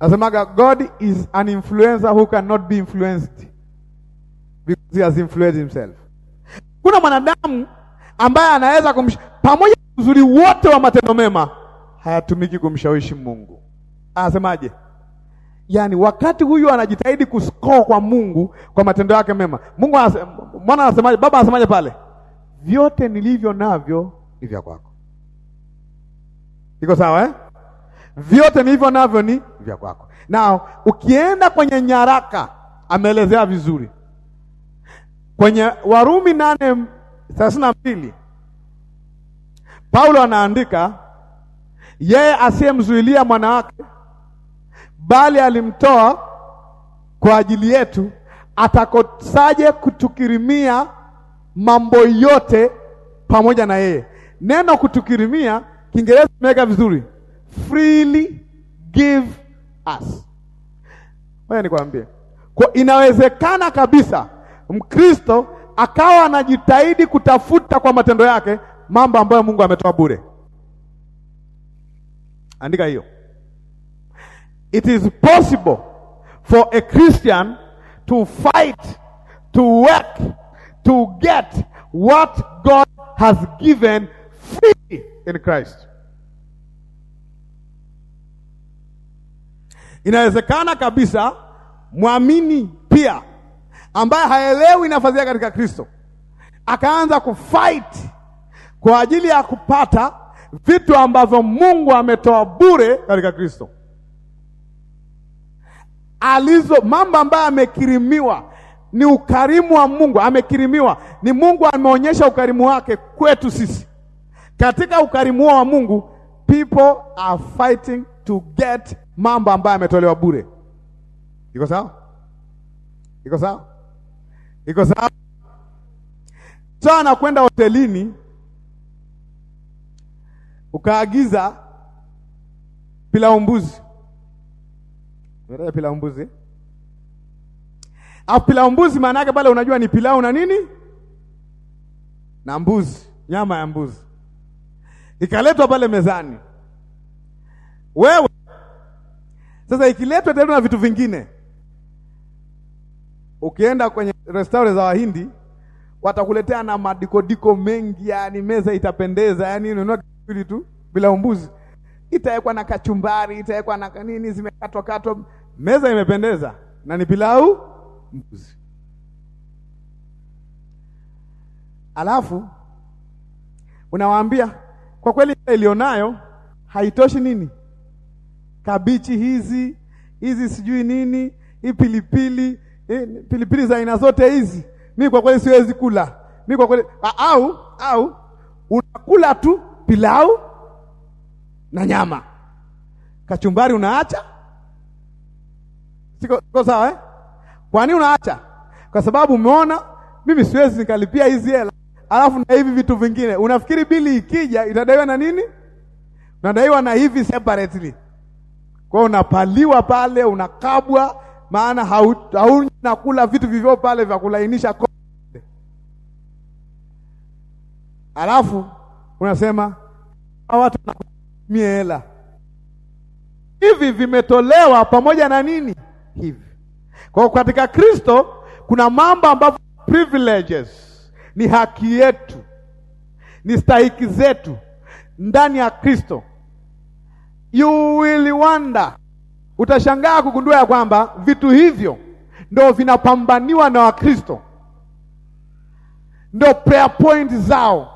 Nasemaga God is an influencer who cannot be influenced because he has influenced himself. Kuna mwanadamu ambaye anaweza kumsh pamoja na uzuri wote wa matendo mema hayatumiki kumshawishi Mungu. Anasemaje? Yaani wakati huyu anajitahidi kuscore kwa Mungu kwa matendo yake mema. Mungu anasema, mwana anasemaje? Baba anasemaje pale? Vyote nilivyo navyo ni vya kwako. Iko sawa eh? vyote nilivyo navyo ni vya kwako. Na ukienda kwenye nyaraka ameelezea vizuri kwenye Warumi nane thelathini na mbili Paulo anaandika, yeye asiyemzuilia mwanawake bali alimtoa kwa ajili yetu, atakosaje kutukirimia mambo yote pamoja na yeye? Neno kutukirimia, Kiingereza imeweka vizuri freely give us. Wewe nikwambie, kwa inawezekana kabisa Mkristo akawa anajitahidi kutafuta kwa matendo yake mambo ambayo Mungu ametoa bure. Andika hiyo. It is possible for a Christian to fight, to work, to get what God has given free in Christ. Inawezekana kabisa mwamini pia ambaye haelewi nafasi yake katika Kristo akaanza kufight kwa ajili ya kupata vitu ambavyo Mungu ametoa bure katika Kristo, alizo mambo ambayo amekirimiwa ni ukarimu wa Mungu, amekirimiwa ni Mungu ameonyesha ukarimu wake kwetu sisi. Katika ukarimu wa Mungu, people are fighting to get mambo ambayo yametolewa bure. Iko sawa? Iko sawa? Iko sawa? Sana kwenda hotelini ukaagiza pilau mbuzi. Unataka pilau mbuzi? Au pilau mbuzi maana yake pale unajua ni pilau na nini? Na mbuzi, nyama ya mbuzi. Ikaletwa pale mezani. Wewe sasa ikiletwa tena na vitu vingine, ukienda kwenye restaurant za Wahindi watakuletea na madikodiko mengi, yani meza itapendeza, yani ununua kitu tu bila umbuzi, itawekwa na kachumbari, itawekwa na nini, zimekatwa katwa, meza imependeza na ni pilau mbuzi. Alafu unawaambia kwa kweli ilionayo haitoshi nini kabichi hizi hizi sijui nini hii pilipili hii pilipili za aina zote hizi, mi kwa kweli siwezi kula mi kwa kweli au au unakula tu pilau na nyama, kachumbari unaacha. Siko, siko sawa eh? Kwa nini unaacha? Kwa sababu umeona mimi siwezi nikalipia hizi hela alafu na hivi vitu vingine. Unafikiri bili ikija itadaiwa na nini? Nadaiwa na hivi separately kwa hiyo unapaliwa pale, unakabwa, maana hauna kula vitu vivyo pale vya kulainisha kote. Alafu unasema watu wanakutumia hela hivi, vimetolewa pamoja na nini hivi. Kwa hiyo katika Kristo kuna mambo ambavyo privileges ni haki yetu, ni stahiki zetu ndani ya Kristo you will wonder, utashangaa kugundua ya kwamba vitu hivyo ndo vinapambaniwa na Wakristo, ndo prayer point zao,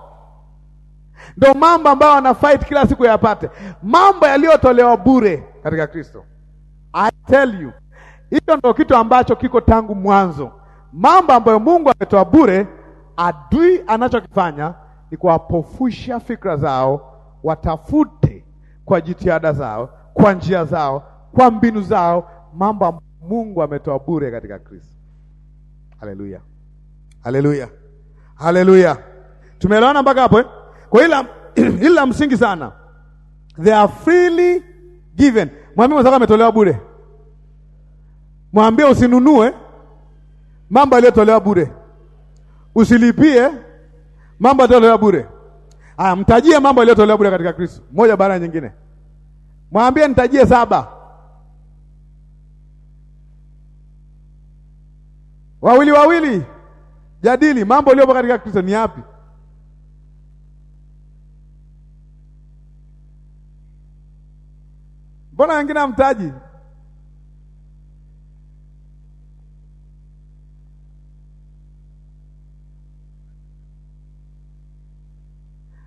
ndo mambo ambayo wana fight kila siku yapate, mambo yaliyotolewa bure katika Kristo. I tell you, hicho ndo kitu ambacho kiko tangu mwanzo. Mambo ambayo Mungu ametoa bure, adui anachokifanya ni kuwapofusha fikra zao watafute kwa jitihada zao, kwa njia zao, kwa mbinu zao, mambo Mungu ametoa bure katika Kristo. Haleluya, haleluya, haleluya! Tumeelewana mpaka hapo eh? Kwa ila hili la msingi sana, they are freely given. Mwambie mwenzako ametolewa bure, mwambie usinunue mambo yaliyotolewa bure, usilipie mambo yaliyotolewa bure. Aya, mtajie mambo yaliyotolewa bure katika Kristo, moja baada ya nyingine. Mwambie nitajie saba. Wawili wawili jadili mambo yaliyopo katika Kristo ni yapi? Mbona wengine hamtaji?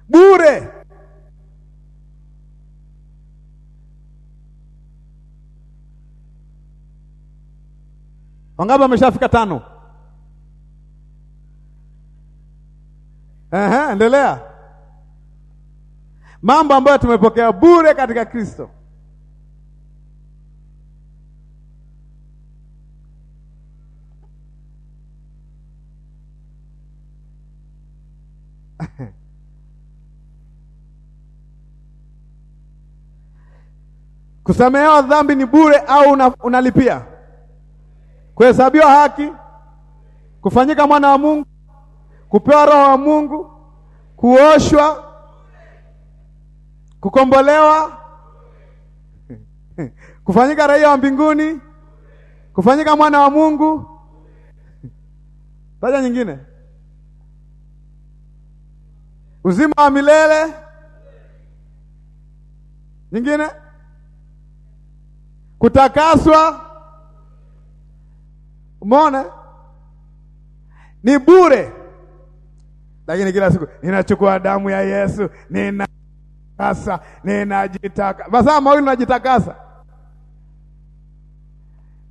Bure. Wangapi wameshafika tano? Ehe, endelea. Mambo ambayo tumepokea bure katika Kristo. Kusamehewa dhambi ni bure au unalipia? Una kuhesabiwa haki, kufanyika mwana wa Mungu, kupewa roho wa Mungu, kuoshwa, kukombolewa, kufanyika raia wa mbinguni, kufanyika mwana wa Mungu. Taja nyingine, uzima wa milele. Nyingine, kutakaswa Umeona? Ni bure. Lakini kila siku ninachukua damu ya Yesu, ninakasa, ninajitaka. Masaa mawili najitakasa.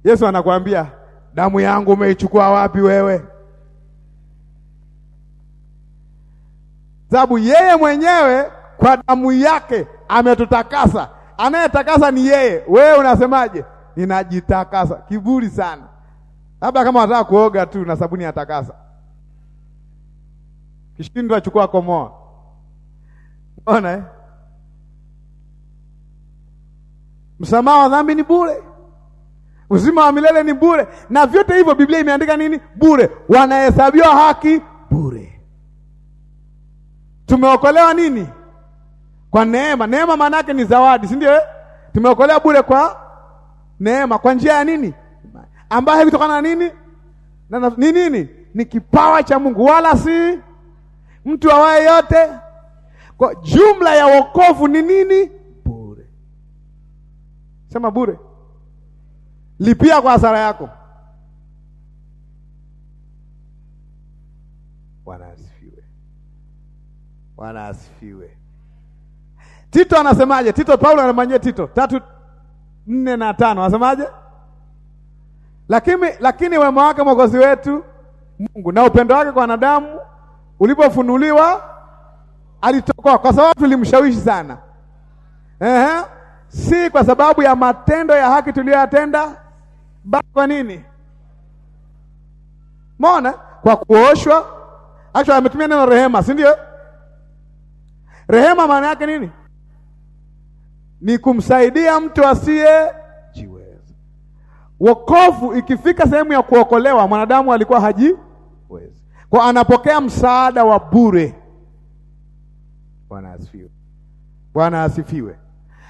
Yesu anakuambia, damu yangu umeichukua wapi wewe? Sababu yeye mwenyewe kwa damu yake ametutakasa. Anayetakasa ni yeye. Wewe unasemaje? Ninajitakasa. Kiburi sana labda kama wataka kuoga tu na sabuni atakasa takasa, kishindwa chukua komoa. Unaona eh? Msamaha wa dhambi ni bure, uzima wa milele ni bure, na vyote hivyo Biblia imeandika nini? Bure, wanahesabiwa haki bure. Tumeokolewa nini? Kwa neema. Neema maana yake ni zawadi, si ndio? Eh? Tumeokolewa bure kwa neema, kwa njia ya nini? ambaye vitokana na nini na ni nini? Ni kipawa cha Mungu, wala si mtu awaye yote. Kwa jumla ya wokovu ni nini? Bure. Sema bure, lipia kwa hasara yako. Bwana asifiwe, Bwana asifiwe. Tito anasemaje? Tito, Paulo anamwambia Tito tatu nne na tano anasemaje? lakini lakini wema wake Mwokozi wetu Mungu na upendo wake kwa wanadamu ulipofunuliwa alitokoa, kwa sababu tulimshawishi sana. Ehe, si kwa sababu ya matendo ya haki tuliyoyatenda, bali kwa nini? Mona kwa kuoshwa. Actually ametumia neno rehema, si ndio? Rehema maana yake nini? Ni kumsaidia mtu asiye Wokovu ikifika sehemu ya kuokolewa, mwanadamu alikuwa hajiwezi, kwa anapokea msaada wa bure. Bwana asifiwe. Bwana asifiwe.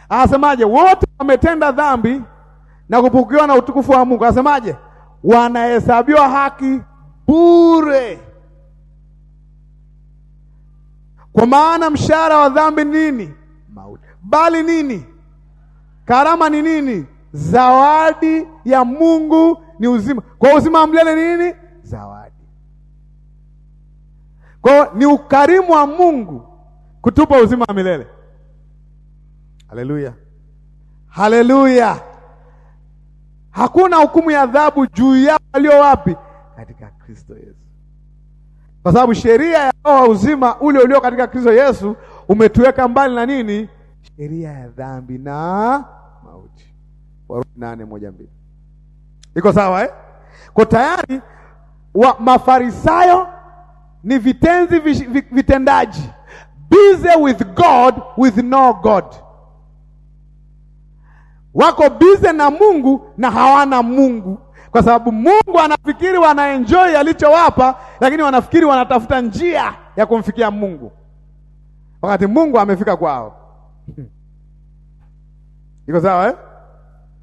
Anasemaje? Wote wametenda dhambi na kupukiwa na utukufu wa Mungu. Anasemaje? Wanahesabiwa haki bure, kwa maana mshahara wa dhambi nini? Mauti. Bali nini? Karama ni nini? zawadi ya Mungu ni uzima. Kwa uzima wa milele ni nini? Zawadi. Kwa ni ukarimu wa Mungu kutupa uzima wa milele. Haleluya, haleluya! Hakuna hukumu ya adhabu juu yao walio wapi? Katika Kristo Yesu, kwa sababu sheria ya wa uzima ule ulio katika Kristo Yesu umetuweka mbali na nini? Sheria ya dhambi na Warumi nane moja mbili iko sawa eh? Kwa tayari wa Mafarisayo ni vitenzi vitendaji, busy with God with no God, wako busy na Mungu na hawana Mungu, kwa sababu Mungu anafikiri wanaenjoy alichowapa, lakini wanafikiri wanatafuta njia ya kumfikia Mungu wakati Mungu amefika kwao. Iko sawa eh?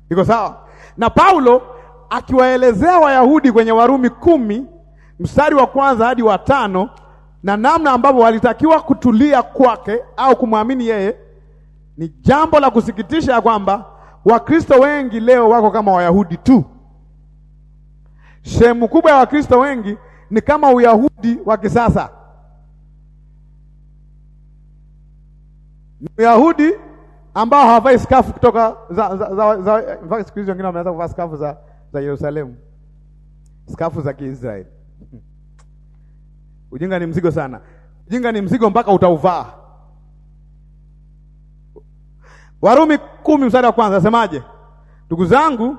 Iko sawa? Na Paulo akiwaelezea Wayahudi kwenye Warumi kumi mstari wa kwanza hadi wa tano na namna ambavyo walitakiwa kutulia kwake au kumwamini yeye, ni jambo la kusikitisha ya kwamba Wakristo wengi leo wako kama Wayahudi tu. Sehemu kubwa ya Wakristo wengi ni kama Uyahudi wa kisasa. Ni Uyahudi ambao hawavai skafu kutoka za, za, za, za, za, siku hizi wengine wameanza kuvaa skafu za za Yerusalemu, skafu za Kiisraeli. Hmm. Ujinga ni mzigo sana, ujinga ni mzigo mpaka utauvaa. Warumi kumi mstari wa kwanza asemaje? Ndugu zangu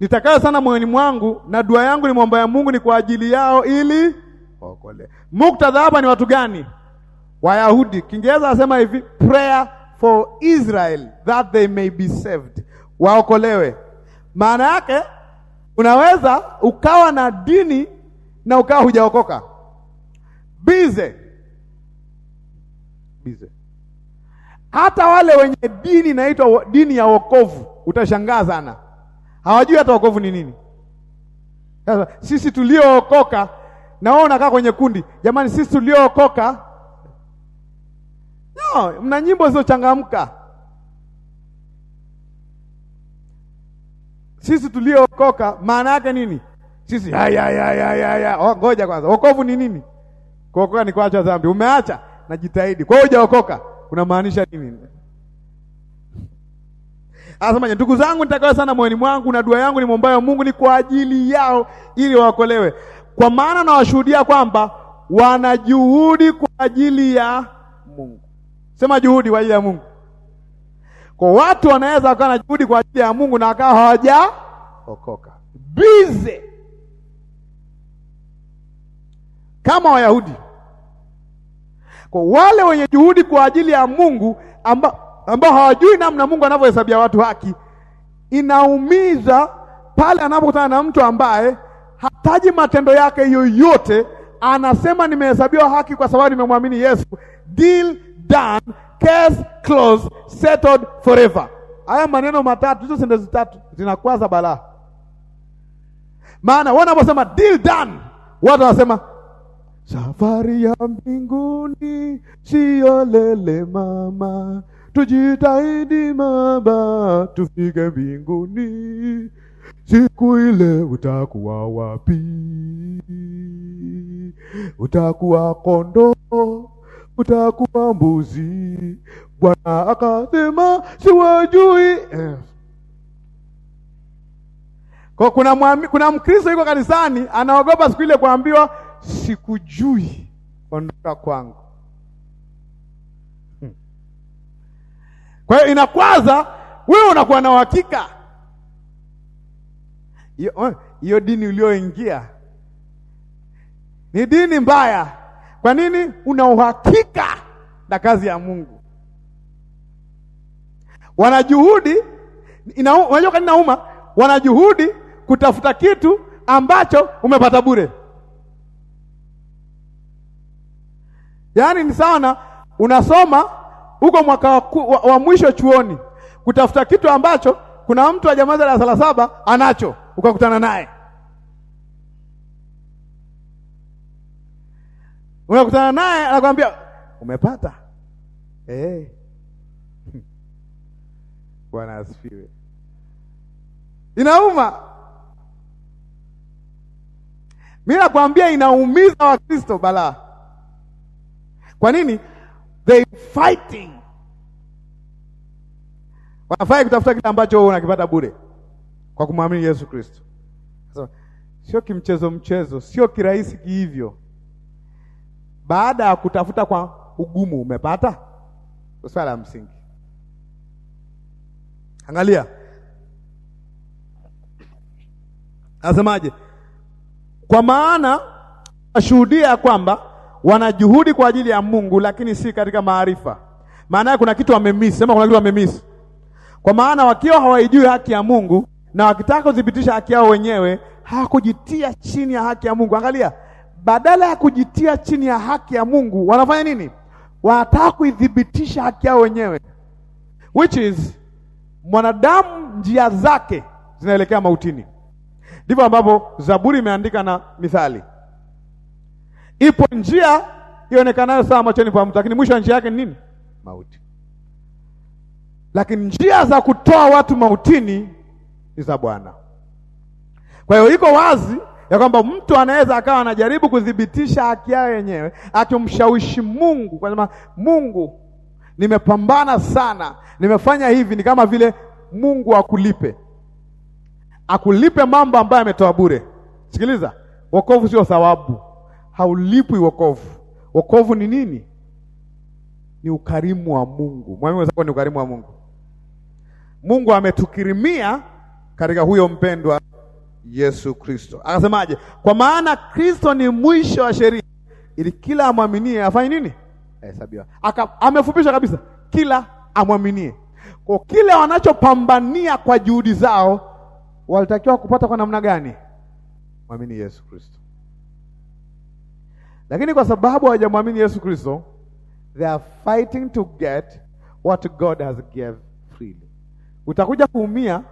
nitakayo sana moyoni mwangu na dua yangu ni mwomba ya Mungu ni kwa ajili yao ili waokolewe. Muktadha hapa ni watu gani? Wayahudi. Kiingereza anasema hivi prayer for Israel that they may be saved, waokolewe. Maana yake unaweza ukawa na dini na ukawa hujaokoka. Bize bize, hata wale wenye dini inaitwa dini ya wokovu, utashangaa sana, hawajui hata wokovu ni nini. Sasa sisi tuliookoka, na wao, unakaa kwenye kundi, jamani, sisi tuliookoka Oh, mna nyimbo zilizochangamka. Sisi tuliookoka maana yake nini? Sisi ya ya ya ya ya ya. Oh, ngoja kwanza, wokovu ni nini? Kuokoka ni kuacha dhambi. Umeacha na jitahidi, kwa hiyo hujaokoka. Unamaanisha nini? asemaje ndugu zangu nitakawa sana moyoni mwangu na dua yangu ni mwombayo Mungu ni kwa ajili yao ili waokolewe, kwa maana nawashuhudia kwamba wana juhudi kwa ajili ya Mungu. Sema juhudi kwa ajili ya Mungu. Kwa watu wanaweza wakawa na juhudi kwa ajili ya Mungu na wakawa hawajaokoka. bize kama Wayahudi. Kwa wale wenye juhudi kwa ajili ya Mungu ambao amba hawajui namna Mungu anavyohesabia watu haki, inaumiza pale anapokutana na mtu ambaye hataji matendo yake yoyote, anasema nimehesabiwa haki kwa sababu nimemwamini Yesu. Deal done, case closed, settled forever. Haya maneno matatu, hizo sentensi tatu zinakwaza balaa. Maana wanaposema deal done, watu wanasema safari ya mbinguni siyo lele mama, tujitahidi baba, tufike mbinguni siku ile utakuwa wapi? Utakuwa kondoo utakuwa mbuzi. Bwana akasema siwajui. Eh. Kwa kuna muami, kuna Mkristo yuko kanisani anaogopa siku ile kuambiwa sikujui, ondoka kwangu. Hmm. Kwa hiyo inakwaza wewe, unakuwa na uhakika hiyo oh, dini ulioingia ni dini mbaya kwa nini? Una uhakika na kazi ya Mungu. Wanajuhudi, unajua kwa nini nauma? Wanajuhudi kutafuta kitu ambacho umepata bure. Yaani ni sawa na unasoma huko mwaka wa, wa, wa mwisho chuoni kutafuta kitu ambacho kuna mtu wa jamaa darasa la saba anacho ukakutana naye unakutana naye anakwambia umepata. Eh, Bwana asifiwe. Inauma, mimi nakwambia inaumiza Wakristo bala Kwa nini? They fighting, wanafai kutafuta kile ambacho wewe unakipata bure kwa kumwamini Yesu Kristo. Sio kimchezo mchezo, sio kirahisi kihivyo baada ya kutafuta kwa ugumu umepata? Swala la msingi. Angalia anasemaje, kwa maana ashuhudia kwamba wana juhudi kwa ajili ya Mungu, lakini si katika maarifa. Maana kuna kitu wamemiss. Sema kuna kitu wamemiss. Kwa maana wakiwa hawaijui haki ya Mungu na wakitaka kudhibitisha haki yao wenyewe hawakujitia chini ya haki ya Mungu. Angalia badala ya kujitia chini ya haki ya Mungu wanafanya nini? Wanataka kuidhibitisha haki yao wenyewe, which is mwanadamu njia zake zinaelekea mautini. Ndivyo ambapo Zaburi imeandika na Mithali, ipo njia ionekanayo sawa machoni pa mtu, lakini mwisho wa njia yake ni nini? Mauti. Lakini njia za kutoa watu mautini ni za Bwana. Kwa hiyo iko wazi ya kwamba mtu anaweza akawa anajaribu kuthibitisha haki yao yenyewe, akimshawishi Mungu kwamba Mungu, nimepambana sana, nimefanya hivi. Ni kama vile Mungu akulipe, akulipe mambo ambayo ametoa bure. Sikiliza, wokovu sio thawabu, haulipwi wokovu. Wokovu ni nini? Ni ukarimu wa Mungu. Mwamini wenzako, ni ukarimu wa Mungu. Mungu ametukirimia katika huyo mpendwa Yesu Kristo. Akasemaje? Kwa maana Kristo ni mwisho wa sheria ili kila amwaminie afanye nini? Ahesabiwa. Amefupisha kabisa, kila amwaminie. Kwa kile wanachopambania kwa juhudi zao walitakiwa kupata kwa namna gani? Mwamini Yesu Kristo. Lakini kwa sababu hawajamwamini Yesu Kristo, they are fighting to get what God has given freely. Utakuja kuumia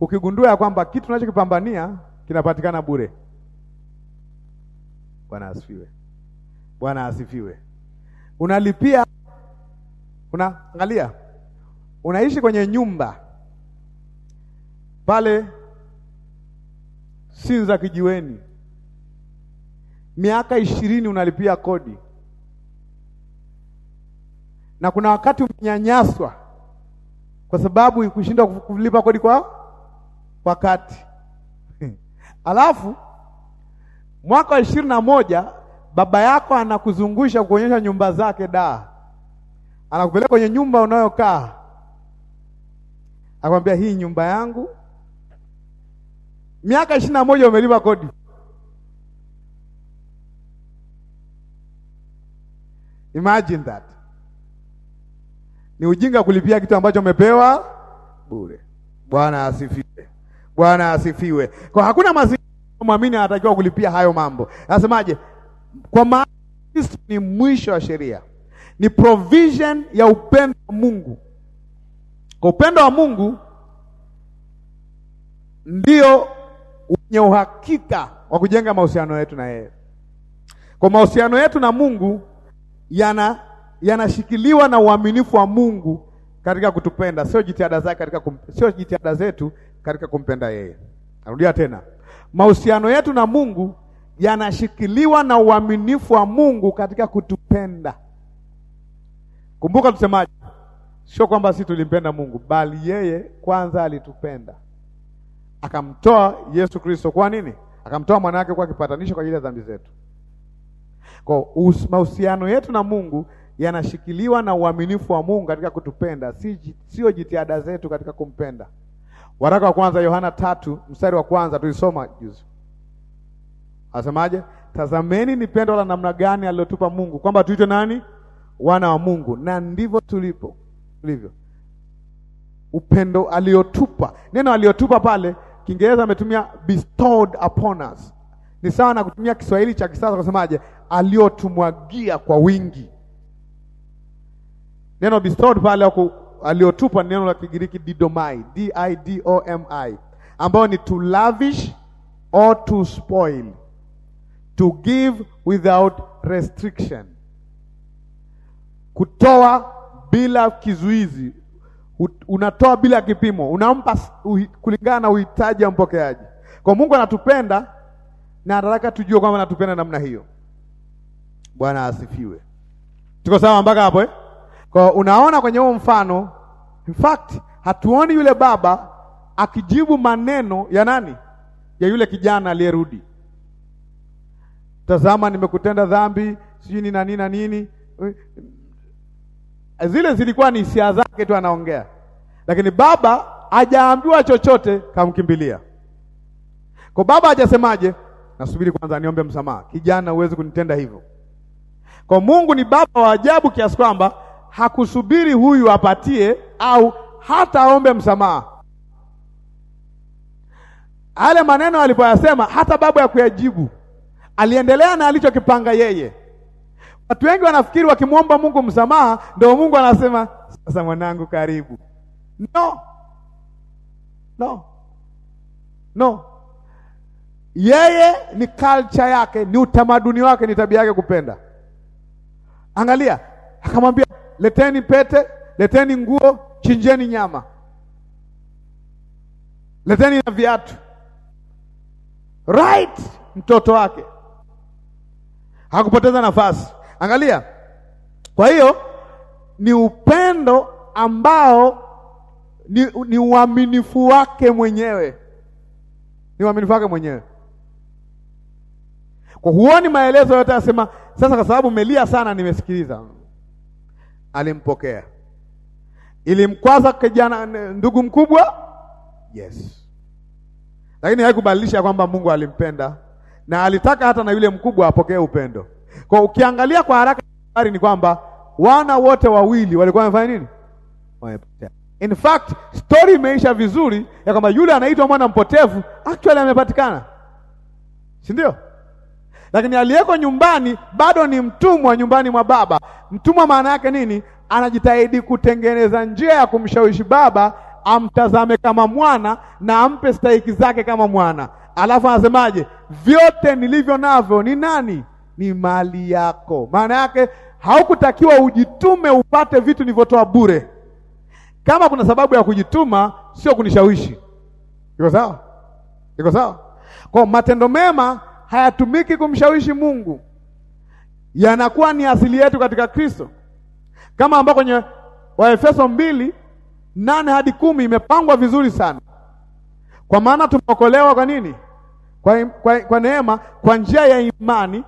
ukigundua ya kwamba kitu tunachokipambania kinapatikana bure. Bwana asifiwe, Bwana asifiwe. Unalipia, unaangalia, unaishi kwenye nyumba pale Sinza kijiweni, miaka ishirini unalipia kodi, na kuna wakati umenyanyaswa kwa sababu kushindwa kulipa kodi kwa wakati alafu mwaka wa ishirini na moja baba yako anakuzungusha kuonyesha nyumba zake da, anakupeleka kwenye nyumba unayokaa, akwambia hii nyumba yangu. Miaka ishirini na moja umelipa kodi. Imagine that ni ujinga kulipia kitu ambacho umepewa bure. Bwana asifiwe. Bwana asifiwe. Kwa hakuna mazingira mwamini anatakiwa kulipia hayo mambo. Anasemaje? Kwa maana Kristo ni mwisho wa sheria, ni provision ya upendo wa Mungu. Kwa upendo wa Mungu ndio wenye uhakika wa kujenga mahusiano yetu na yeye. Kwa mahusiano yetu na Mungu yana yanashikiliwa na uaminifu wa Mungu katika kutupenda, sio jitihada zake katika kum, sio jitihada zetu katika kumpenda yeye. Narudia tena, mahusiano yetu na Mungu yanashikiliwa na uaminifu wa Mungu katika kutupenda. Kumbuka tusemaje? Sio kwamba sisi tulimpenda Mungu, bali yeye kwanza alitupenda akamtoa Yesu Kristo. Kwa nini? Akamtoa mwanawake kwa kipatanisho kwa ajili ya dhambi zetu. Kwa mahusiano yetu na Mungu yanashikiliwa na uaminifu wa Mungu katika kutupenda, sio jitihada zetu katika kumpenda. Waraka wa kwanza Yohana tatu mstari wa kwanza tulisoma juzi, asemaje? Tazameni ni pendo la namna gani alilotupa Mungu kwamba tuitwe nani? Wana wa Mungu. Na ndivyo tulipo tulivyo, upendo aliotupa. Neno aliotupa pale Kiingereza ametumia bestowed upon us, ni sawa na kutumia Kiswahili cha kisasa kusemaje? Aliotumwagia kwa wingi. Neno bestowed pale huko aliotupa neno la Kigiriki didomai, D I D O M I, ambayo ni to lavish or to spoil, to give without restriction, kutoa bila kizuizi. Unatoa bila kipimo, unampa kulingana na uhitaji wa mpokeaji. Kwa Mungu anatupenda na anataka tujue kwamba anatupenda namna hiyo. Bwana asifiwe. Tuko sawa mpaka hapo eh? Kwa unaona kwenye huo mfano, in fact hatuoni yule baba akijibu maneno ya nani? Ya yule kijana aliyerudi. Tazama, nimekutenda dhambi, sijui ni nini na nini. Zile zilikuwa ni hisia zake tu, anaongea, lakini baba hajaambiwa chochote, kamkimbilia. Kwa baba hajasemaje, nasubiri kwanza niombe msamaha, kijana, huwezi kunitenda hivyo. Kwa Mungu ni baba wa ajabu kiasi kwamba hakusubiri huyu apatie au hata aombe msamaha. Yale maneno alipoyasema, hata babu ya kuyajibu, aliendelea na alichokipanga yeye. Watu wengi wanafikiri wakimwomba Mungu msamaha ndio Mungu anasema sasa, mwanangu, karibu. No, no, no. Yeye ni culture yake, ni utamaduni wake, ni tabia yake kupenda. Angalia, akamwambia leteni pete, leteni nguo, chinjeni nyama, leteni na viatu. Right, mtoto wake hakupoteza nafasi. Angalia, kwa hiyo ni upendo ambao ni, ni uaminifu wake mwenyewe, ni uaminifu wake mwenyewe. Kwa huoni maelezo yote, anasema sasa, kwa sababu melia sana, nimesikiliza alimpokea. Ilimkwaza kijana ndugu mkubwa, yes, lakini haikubadilisha kwamba Mungu alimpenda na alitaka hata na yule mkubwa apokee upendo. Kwa ukiangalia kwa haraka, habari ni kwamba wana wote wawili walikuwa wamefanya nini? Wamepotea. In fact, story imeisha vizuri ya kwamba yule anaitwa mwana mpotevu actually amepatikana, si ndio? lakini aliyeko nyumbani bado ni mtumwa nyumbani mwa baba. Mtumwa maana yake nini? Anajitahidi kutengeneza njia ya kumshawishi baba amtazame kama mwana na ampe stahiki zake kama mwana. Alafu anasemaje? Vyote nilivyo navyo ni nani? Ni mali yako. Maana yake haukutakiwa ujitume upate vitu nilivyotoa bure. Kama kuna sababu ya kujituma, sio kunishawishi. Iko sawa? Iko sawa? Kwa matendo mema hayatumiki kumshawishi Mungu, yanakuwa ni asili yetu katika Kristo, kama ambao kwenye Waefeso mbili nane hadi kumi imepangwa vizuri sana. Kwa maana tumeokolewa kwa nini? Kwa, kwa, kwa neema kwa njia ya imani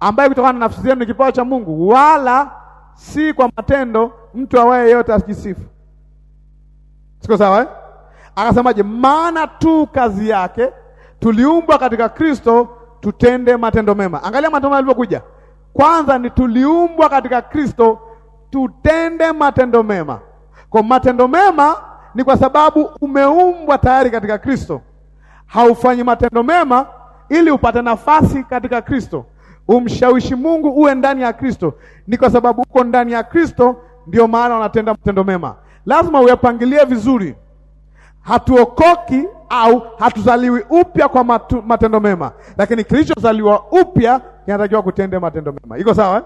ambayo kutokana na nafsi zenu ni kipawa cha Mungu, wala si kwa matendo, mtu awaye yote asijisifu. Siko sawa eh? Akasemaje? maana tu kazi yake tuliumbwa katika Kristo tutende matendo mema. Angalia matendo yalivyokuja. Kwanza ni tuliumbwa katika Kristo tutende matendo mema. Kwa matendo mema ni kwa sababu umeumbwa tayari katika Kristo. Haufanyi matendo mema ili upate nafasi katika Kristo, umshawishi Mungu uwe ndani ya Kristo. Ni kwa sababu uko ndani ya Kristo, ndio maana unatenda matendo mema. Lazima uyapangilie vizuri hatuokoki au hatuzaliwi upya kwa matu, matendo mema, lakini kilichozaliwa upya kinatakiwa kutende matendo mema. Iko sawa eh?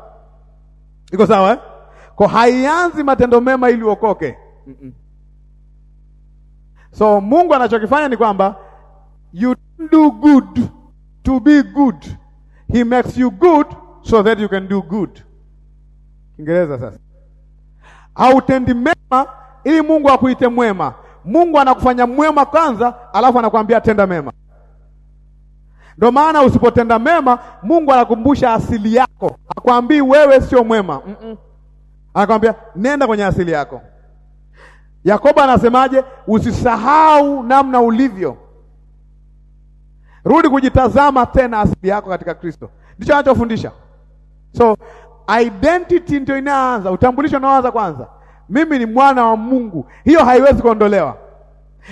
Iko sawa eh? Kwa haianzi matendo mema ili uokoke. mm -mm. So Mungu anachokifanya ni kwamba you do good to be good, he makes you good so that you can do good. Kiingereza sasa, hautendi mema ili Mungu akuite mwema Mungu anakufanya mwema kwanza, alafu anakuambia tenda mema. Ndio maana usipotenda mema, Mungu anakumbusha asili yako, hakwambii wewe sio mwema mm -mm. Anakwambia nenda kwenye asili yako. Yakobo anasemaje? Usisahau namna ulivyo, rudi kujitazama tena asili yako katika Kristo. Ndicho anachofundisha. So identity ndio inaanza, utambulisho unaoanza kwanza mimi ni mwana wa Mungu, hiyo haiwezi kuondolewa.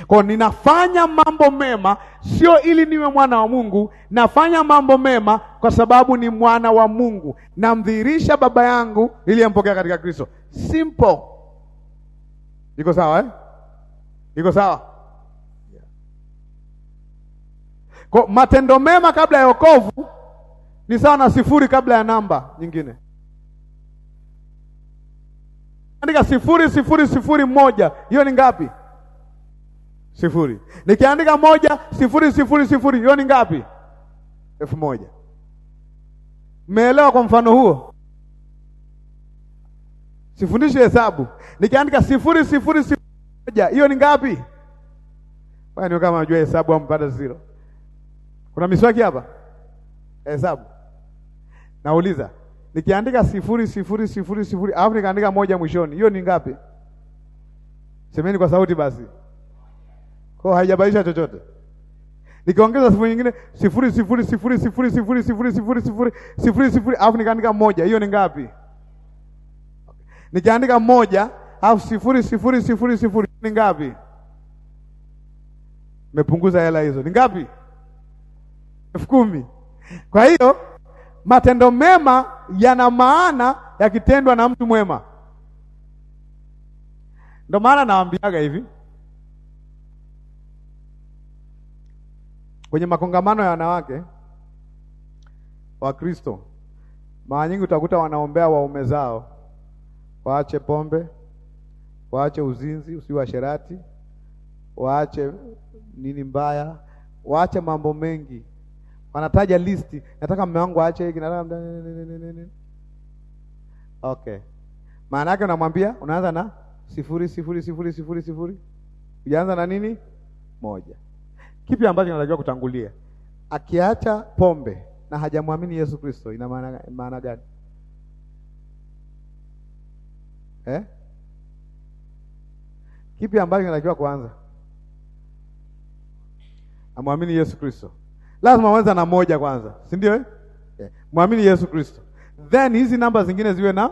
Kwa ninafanya mambo mema sio ili niwe mwana wa Mungu, nafanya mambo mema kwa sababu ni mwana wa Mungu, namdhihirisha baba yangu niliyempokea katika Kristo. Simple. Iko sawa eh? Iko sawa Kwa matendo mema kabla ya wokovu ni sawa na sifuri kabla ya namba nyingine andika sifuri sifuri sifuri moja, hiyo ni ngapi? Sifuri. Nikiandika moja sifuri sifuri sifuri, hiyo ni ngapi? elfu moja. Mmeelewa? Kwa mfano huo sifundishe hesabu. Nikiandika sifuri sifuri sifuri moja, hiyo ni ngapi? Kwani kama unajua hesabu ampata zero. Kuna miswaki hapa hesabu, nauliza nikiandika sifuri sifuri sifuri sifuri alafu nikaandika moja mwishoni, hiyo ni ngapi? Semeni kwa sauti basi. Kwa haijabadilisha chochote. Nikiongeza sifuri nyingine sifuri sifuri sifuri sifuri sifuri sifuri sifuri sifuri sifuri sifuri alafu nikaandika moja, hiyo ni ngapi? Nikiandika moja alafu sifuri sifuri sifuri sifuri ni ngapi? Mepunguza hela hizo, ni ngapi? elfu kumi. Kwa hiyo matendo mema yana maana yakitendwa na mtu mwema. Ndio maana naambiaga hivi kwenye makongamano ya wanawake wa Kristo, mara nyingi utakuta wanaombea waume zao waache pombe, waache uzinzi, usiwasherati, waache nini mbaya, waache mambo mengi wanataja listi, nataka mume wangu aache hiki, nataka okay. Maana yake unamwambia, unaanza na sifuri sifuri sifuri sifuri sifuri, ujaanza na nini? Moja. Kipi ambacho kinatakiwa kutangulia? Akiacha pombe na hajamwamini Yesu Kristo, ina maana gani eh? Kipi ambacho kinatakiwa kuanza? Amwamini Yesu Kristo lazima uanze na moja kwanza, si ndio eh? Yeah. Mwamini Yesu Kristo, then hizi namba zingine ziwe na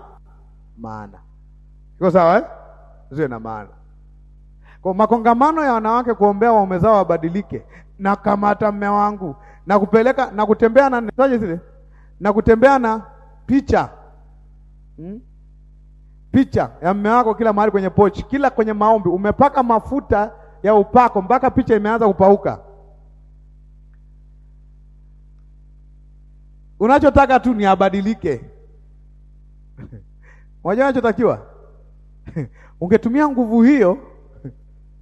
maana. Iko sawa eh? Ziwe na maana. Kwa makongamano ya wanawake kuombea waume zao wabadilike, na kamata mme wangu na kupeleka na kutembea na nitaje zile na kutembea na picha hmm? picha ya mme wako kila mahali kwenye pochi, kila kwenye maombi, umepaka mafuta ya upako mpaka picha imeanza kupauka. Unachotaka tu ni abadilike. Unajua unachotakiwa? Ungetumia nguvu hiyo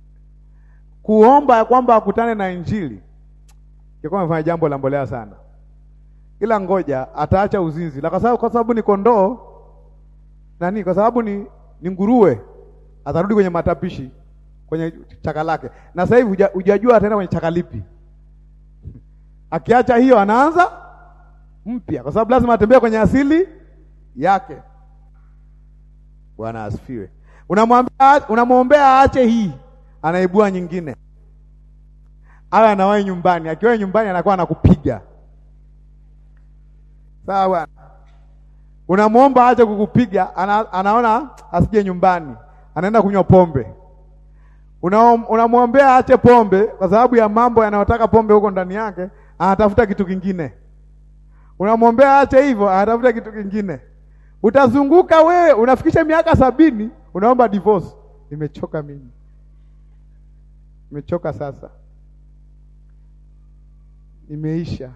kuomba ya kwamba akutane na Injili. Ingekuwa amefanya jambo la mbolea sana. Ila ngoja ataacha uzinzi. La kwa sababu kwa sababu ni kondoo nani? Kwa sababu ni ni nguruwe. Atarudi kwenye matapishi, kwenye chaka lake. Na sasa hivi hujajua ataenda kwenye chaka lipi. Akiacha hiyo anaanza mpya, kwa sababu lazima atembee kwenye asili yake. Bwana asifiwe. Unamwambia, unamwombea aache hii, anaibua nyingine, awe anawahi nyumbani. Akiwahi nyumbani, anakuwa anakupiga. Sawa bwana, unamwomba aache kukupiga, ana, anaona asije nyumbani, anaenda kunywa pombe. Unamwombea aache pombe, kwa sababu ya mambo yanayotaka pombe huko ndani yake, anatafuta kitu kingine unamwombea aache hivyo, anatafuta kitu kingine. Utazunguka wewe, unafikisha miaka sabini, unaomba divorce. Nimechoka mimi, nimechoka sasa, nimeisha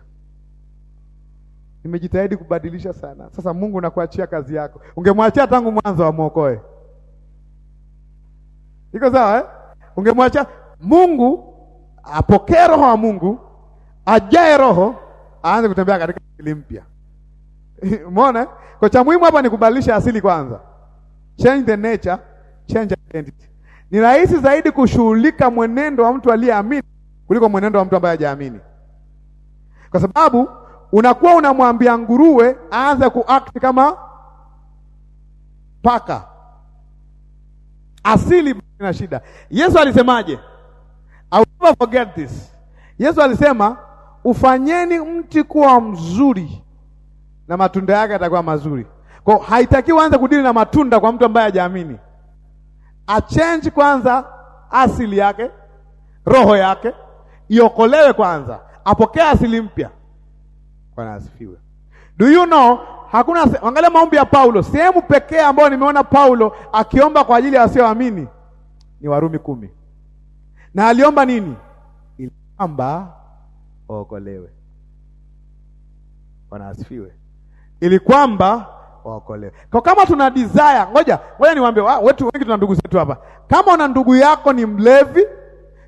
nimejitahidi kubadilisha sana. Sasa Mungu nakuachia kazi yako, ungemwachia tangu mwanzo amwokoe. Iko sawa eh? Ungemwachia Mungu apokee roho wa Mungu ajae roho aanze kutembea katika asili mpya. Umeona? Eh? Kwa cha muhimu hapa ni kubadilisha asili kwanza. Change the nature, change identity. Ni rahisi zaidi kushughulika mwenendo wa mtu aliyeamini kuliko mwenendo wa mtu ambaye hajaamini. Kwa sababu unakuwa unamwambia nguruwe aanze kuact kama paka. Asili ina shida. Yesu alisemaje? I will never forget this. Yesu alisema ufanyeni mti kuwa mzuri na matunda yake yatakuwa mazuri. Kwa haitaki anze kudili na matunda kwa mtu ambaye hajaamini. change kwanza asili yake, roho yake iokolewe kwanza, apokee asili mpya. Bwana asifiwe. Do you know, hakuna angalia maombi ya Paulo, sehemu pekee ambayo nimeona Paulo akiomba kwa ajili ya wasioamini ni Warumi kumi, na aliomba nini? Iliomba waokolewe. Bwana asifiwe, ili kwamba waokolewe. Kwa kama tuna desire, ngoja ngoja niwaambie wetu wengi, tuna ndugu zetu hapa. Kama una ndugu yako ni mlevi,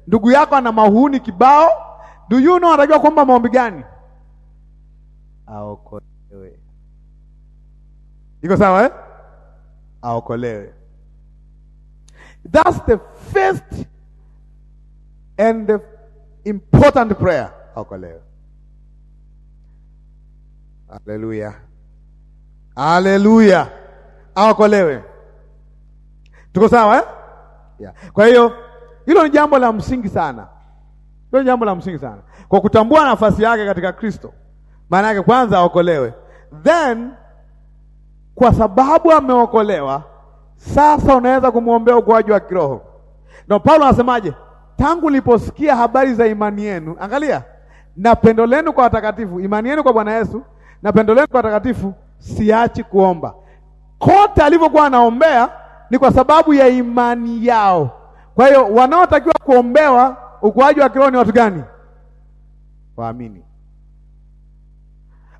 ndugu yako ana mahuni kibao, do you know anatakiwa kuomba maombi gani? Aokolewe. Iko sawa eh? Aokolewe. That's the first and the important prayer okolewe. Haleluya, haleluya, aokolewe. Eh? Tuko sawa eh? Yeah. Kwa hiyo hilo ni jambo la msingi sana, hilo ni jambo la msingi sana kwa kutambua nafasi yake katika Kristo. Maana yake kwanza aokolewe, then kwa sababu ameokolewa, sasa unaweza kumwombea ukuaji wa kiroho. Ndio Paulo anasemaje? Tangu niliposikia habari za imani yenu, angalia na pendo lenu kwa watakatifu, imani yenu kwa Bwana Yesu na pendo lenu kwa watakatifu, siachi kuomba. Kote alivyokuwa anaombea ni kwa sababu ya imani yao. Kwa hiyo wanaotakiwa kuombewa ukuaji wa kiroho ni watu gani? Waamini.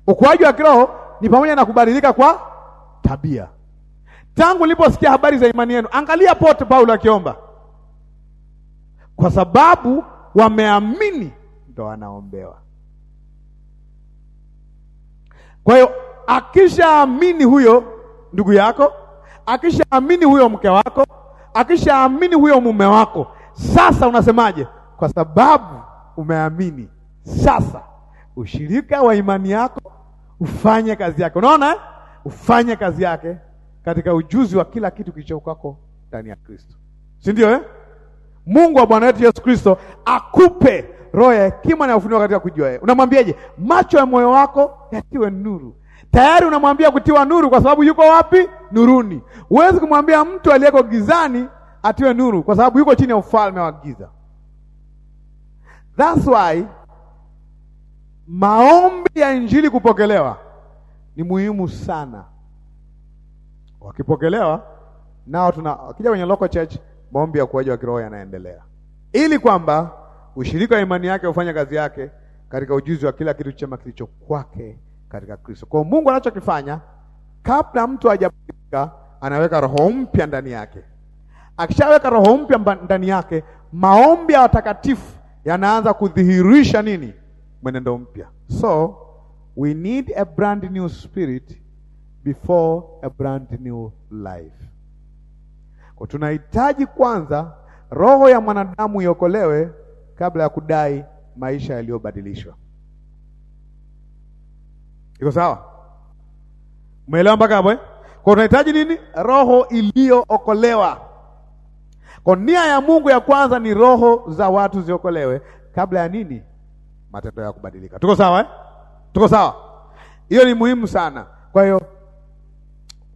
Ukuaji wa kiroho ni pamoja na kubadilika kwa tabia. Tangu niliposikia habari za imani yenu, angalia pote Paulo akiomba, kwa sababu wameamini ndo anaombewa. Kwa hiyo akishaamini huyo ndugu yako, akishaamini huyo mke wako, akishaamini huyo mume wako, sasa unasemaje? Kwa sababu umeamini, sasa ushirika wa imani yako ufanye kazi yake. Unaona, eh? ufanye kazi yake katika ujuzi wa kila kitu kilicho kwako ndani ya Kristo, si ndio eh? Mungu wa Bwana wetu Yesu Kristo akupe roho ya hekima na ufunuo katika kujua yeye. Unamwambiaje? macho ya moyo wako yatiwe nuru. Tayari unamwambia kutiwa nuru, kwa sababu yuko wapi? Nuruni. Huwezi kumwambia mtu aliyeko gizani atiwe nuru, kwa sababu yuko chini ya ufalme wa giza. That's why maombi ya injili kupokelewa ni muhimu sana. Wakipokelewa nao, tuna kija kwenye local church, maombi ya ukuaji wa kiroho yanaendelea, ili kwamba ushirika wa imani yake ufanya kazi yake katika ujuzi wa kila kitu chema kilicho kwake katika Kristo. Kwa Mungu anachokifanya kabla mtu hajabadilika, anaweka roho mpya ndani yake. Akishaweka roho mpya ndani yake, maombi ya watakatifu yanaanza kudhihirisha nini? Mwenendo mpya. So we need a brand new spirit before a brand new life. Kwa tunahitaji kwanza roho ya mwanadamu iokolewe kabla ya kudai maisha yaliyobadilishwa. Iko sawa? Umeelewa mpaka hapo eh? Kwa tunahitaji nini? Roho iliyookolewa. Kwa nia ya Mungu ya kwanza ni roho za watu ziokolewe kabla ya nini? Matendo ya kubadilika. Tuko sawa eh? Tuko sawa? Hiyo ni muhimu sana. Kwa hiyo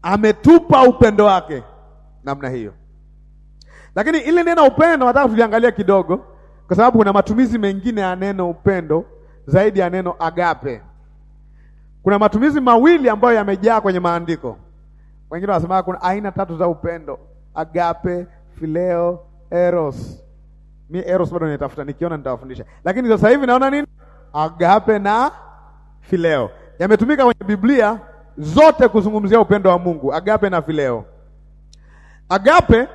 ametupa upendo wake namna hiyo, lakini ile neno upendo nataka tuliangalia kidogo kwa sababu kuna matumizi mengine ya neno upendo zaidi ya neno agape. Kuna matumizi mawili ambayo yamejaa kwenye maandiko. Wengine wanasema kuna aina tatu za upendo: agape, phileo, eros. Mi eros bado nitafuta, nikiona nitawafundisha, lakini sasa hivi naona nini? Agape na phileo yametumika kwenye Biblia zote kuzungumzia upendo wa Mungu, agape na phileo. Agape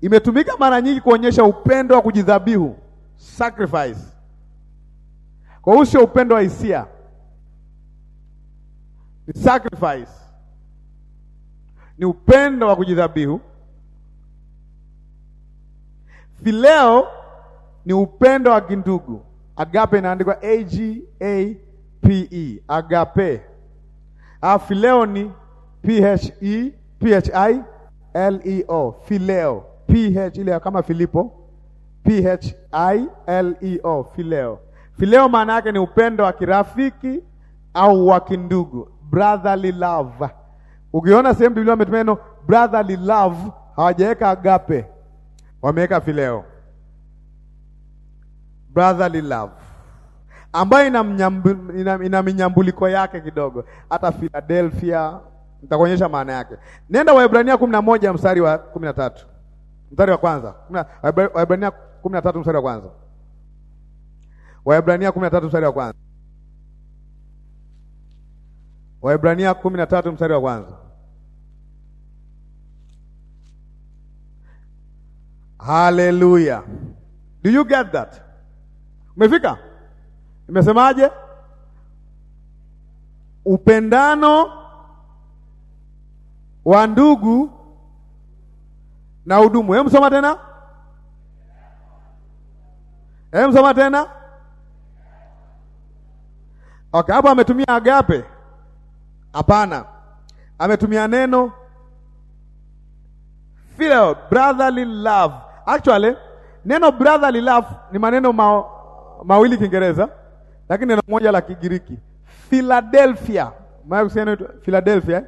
imetumika mara nyingi kuonyesha upendo wa kujidhabihu sacrifice. Kwa hiyo sio upendo wa hisia, ni sacrifice, ni upendo wa kujidhabihu. Fileo ni upendo wa kindugu. Agape inaandikwa A G A P E, agape. fileo ah, ni P H E P H I L E O, fileo. P H ile kama Filipo P H I L E O, phileo. Phileo maana yake ni upendo wa kirafiki au wa kindugu, brotherly love. Ukiona sehemu Biblia imetumia neno brotherly love, hawajaweka agape, wameweka phileo, brotherly love ambayo ina, ina, ina minyambuliko yake kidogo. Hata Philadelphia nitakuonyesha maana yake. Nenda Waebrania kumi na moja mstari wa kumi na tatu mstari wa kwanza Waebrania kumi na tatu mstari wa kwanza Waebrania kumi na tatu mstari wa kwanza Waebrania kumi na tatu mstari wa kwanza Haleluya! Do you get that? Umefika? Imesemaje? Upendano wa ndugu na udumu. Hebu soma tena. Eh, msoma tena. Okay, hapo ametumia agape? Hapana, ametumia neno filial brotherly love. Actually, neno brotherly love ni maneno ma mawili Kiingereza, lakini neno moja la Kigiriki Philadelphia. Maana Philadelphia, eh?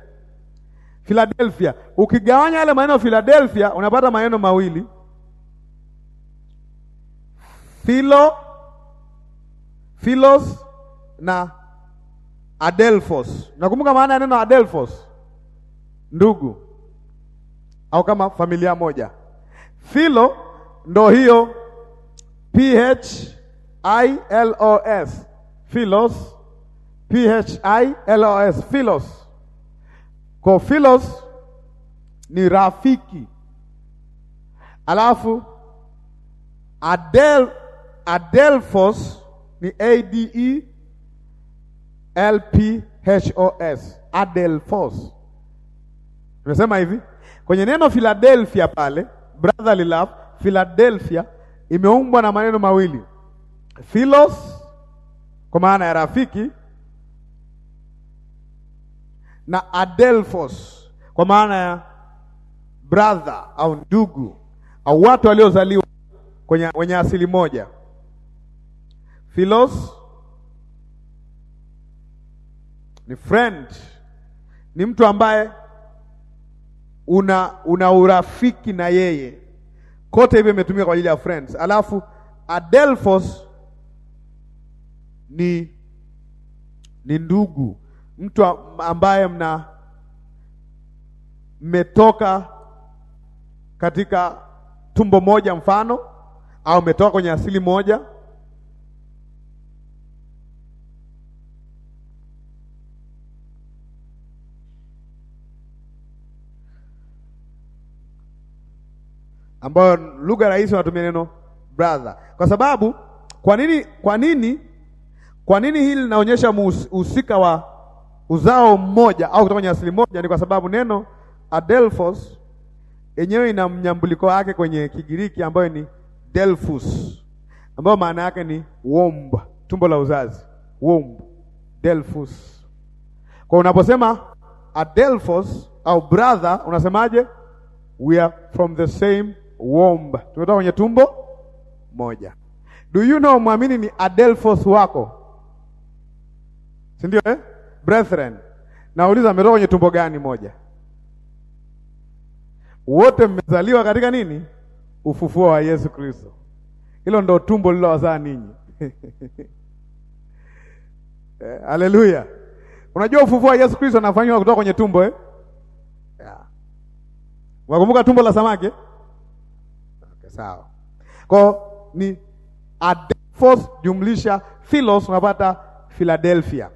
Philadelphia, ukigawanya yale maneno Philadelphia unapata maneno mawili Philo, Philos na Adelphos. Nakumbuka maana ya neno Adelphos, ndugu au kama familia moja. Philo ndo hiyo P H I L O S, Philos, P H I L O S, Philos. Kwa Philos ni rafiki, alafu Adel Adelphos ni A D E L P H O S, Adelphos. Nimesema hivi kwenye neno Philadelphia pale, brotherly love, Philadelphia imeumbwa na maneno mawili, philos kwa maana ya rafiki na adelphos kwa maana ya brother au ndugu au watu waliozaliwa kwenye wenye asili moja. Philos ni friend, ni mtu ambaye una, una urafiki na yeye kote, hivyo imetumika kwa ajili ya friends. Alafu adelphos ni ni ndugu, mtu ambaye mna mmetoka katika tumbo moja mfano, au mmetoka kwenye asili moja ambayo lugha rahisi wanatumia neno brother, kwa sababu kwa nini kwa nini kwa nini hili linaonyesha uhusika wa uzao mmoja au kutoka kwenye asili moja? Ni kwa sababu neno adelphos yenyewe ina mnyambuliko wake kwenye Kigiriki ambayo ni delphus, ambayo maana yake ni womb, tumbo la uzazi, womb, delphus. Kwa unaposema adelphos au brother, unasemaje? We are from the same womb, tumetoka kwenye tumbo moja. Do you know mwamini ni adelphos wako, si ndio eh? Brethren, nauliza ametoka kwenye tumbo gani moja? Wote mmezaliwa katika nini? Ufufuo wa Yesu Kristo. Hilo ndo tumbo lilowazaa ninyi. Eh, haleluya! Eh, unajua ufufuo wa Yesu Kristo anafanywa kutoka kwenye tumbo eh? Wakumbuka tumbo la samaki sawa. Kwao ni Adelphos jumlisha Philos, unapata Philadelphia.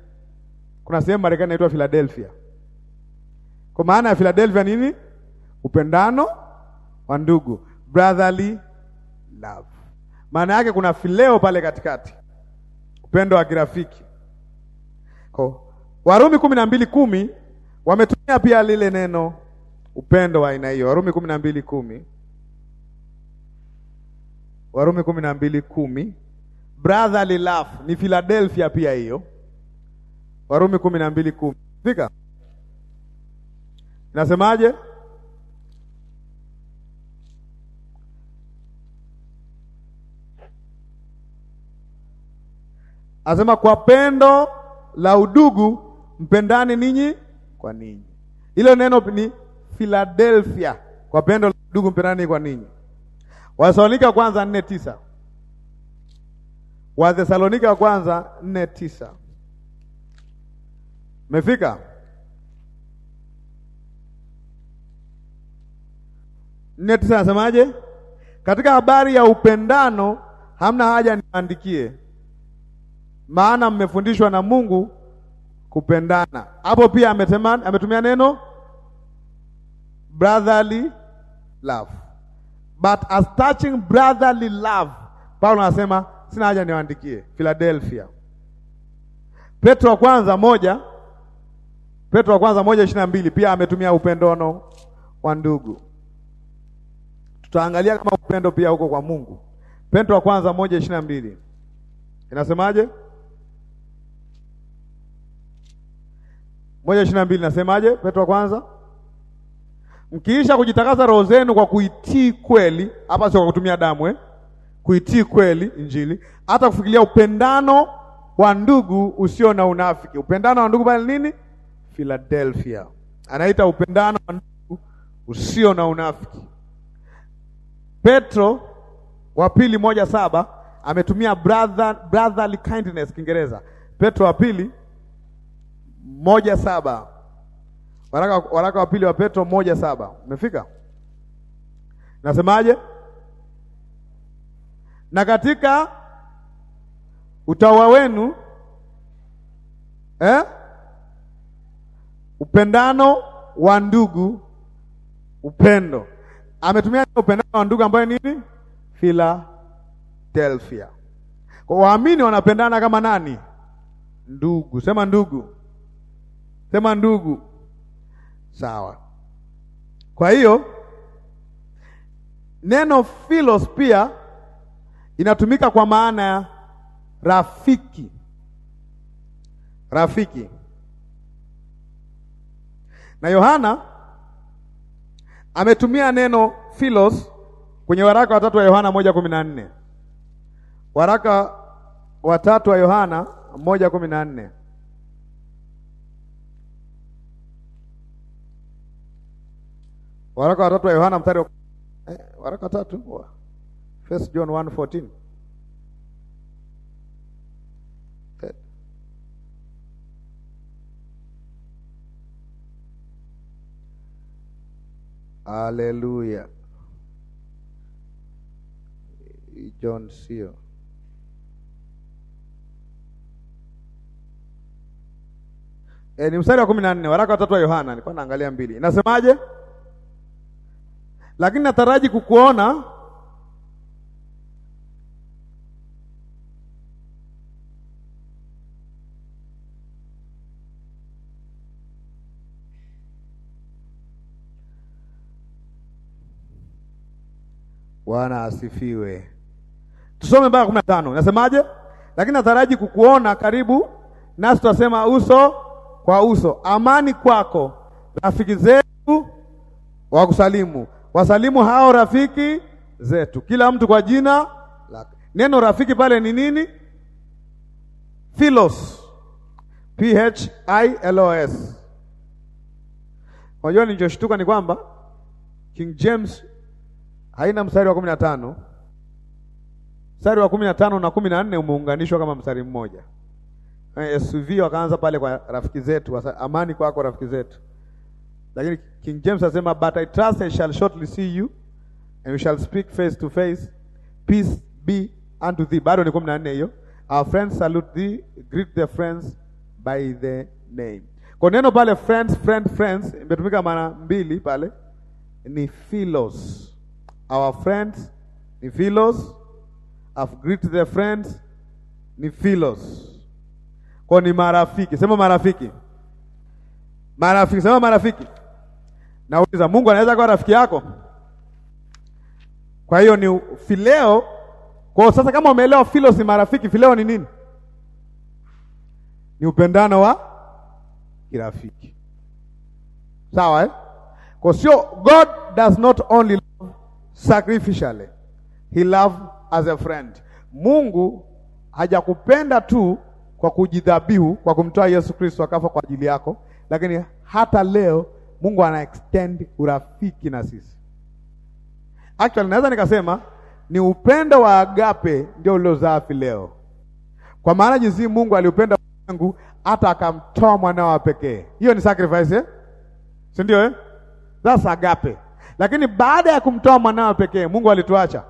Kuna sehemu Marekani inaitwa Philadelphia. Kwa maana ya Philadelphia nini? Upendano wa ndugu, brotherly love. Maana yake kuna fileo pale katikati, upendo wa kirafiki. Kwa Warumi kumi na mbili kumi wametumia pia lile neno upendo wa aina hiyo, Warumi kumi na mbili kumi Warumi kumi na mbili kumi. Brotherly love ni Philadelphia pia hiyo, Warumi kumi na mbili kumi fika Nasemaje? Asema kwa pendo la udugu mpendani ninyi kwa ninyi. Hilo neno ni Philadelphia, kwa pendo la udugu mpendani kwa ninyi. Wathesalonika kwanza nne tisa. Wathesalonika kwanza nne tisa. Mefika nne tisa, nasemaje? Katika habari ya upendano hamna haja niandikie, maana mmefundishwa na Mungu kupendana. Hapo pia ametumia neno brotherly love but as touching brotherly love, Paulo anasema sina haja niwaandikie. Philadelphia, Petro wa kwanza moja, Petro wa kwanza moja ishirini na mbili pia ametumia upendono wa ndugu. Tutaangalia kama upendo pia huko kwa Mungu. Petro wa kwanza moja ishirini na mbili inasemaje? moja ishirini na mbili inasemaje? Petro wa kwanza mkiisha kujitakasa roho zenu kwa kuitii kweli, hapa sio kwa kutumia damu eh? Kuitii kweli Injili, hata kufikiria upendano wa ndugu usio na unafiki. Upendano wa ndugu pale nini? Philadelphia anaita upendano wa ndugu usio na unafiki. Petro wa pili moja saba ametumia brother, brotherly kindness Kiingereza. Petro wa pili moja saba Waraka, waraka wa pili wa Petro moja saba umefika, nasemaje? Na katika utawa wenu eh, upendano wa ndugu, upendo. Ametumia upendano wa ndugu ambayo nini? Philadelphia. Kwa waamini wanapendana kama nani? Ndugu. Sema ndugu, sema ndugu sawa. Kwa hiyo neno philos pia inatumika kwa maana ya rafiki, rafiki. Na Yohana ametumia neno philos kwenye waraka wa tatu wa Yohana moja kumi na nne waraka tatu wa Yohana moja kumi na nne waraka wa tatu wa Yohana mstari wa eh, waraka tatu First John 1:14 eh. Aleluya. John sio e, ni mstari wa kumi na nne waraka watatu wa Yohana, nilikuwa naangalia mbili, inasemaje? lakini nataraji kukuona Bwana asifiwe. Tusome mpaka kumi na tano. Nasemaje? Lakini nataraji kukuona karibu nasi, tutasema uso kwa uso. Amani kwako, rafiki zetu wakusalimu wasalimu hao rafiki zetu, kila mtu kwa jina lake. Neno rafiki pale ni nini? Philos, P H I L O S. Unajua nilichoshtuka ni kwamba King James haina mstari wa kumi na tano. Mstari wa kumi na tano na kumi na nne umeunganishwa kama mstari mmoja. Eh, SUV wakaanza pale kwa rafiki zetu, amani kwako rafiki zetu. Lakini King James asema but I trust I shall shortly see you and we shall speak face to face. Peace be unto thee. Bado ni 14 hiyo. Our friends salute thee, greet their friends by the name. Kwa neno pale friends friend friends imetumika mara mbili pale ni philos. Our friends ni philos. I've greet their friends ni philos. Kwa ni marafiki. Sema marafiki. Marafiki, sema marafiki. Nauliza, Mungu anaweza kuwa rafiki yako? Kwa hiyo ni fileo. Kwa sasa kama umeelewa filo si marafiki, fileo ni nini? Ni upendano wa kirafiki, sawa eh? Kwa sio, God does not only love sacrificially, he love as a friend. Mungu hajakupenda tu kwa kujidhabihu kwa kumtoa Yesu Kristo akafa kwa ajili yako, lakini hata leo Mungu ana extend urafiki na sisi. Actually naweza nikasema ni upendo wa agape ndio uliozaa leo, kwa maana jinsi Mungu aliupenda wangu hata akamtoa mwanao wa pekee. Hiyo ni sacrifice eh? si ndio eh? That's agape. Lakini baada ya kumtoa mwanao pekee, Mungu alituacha?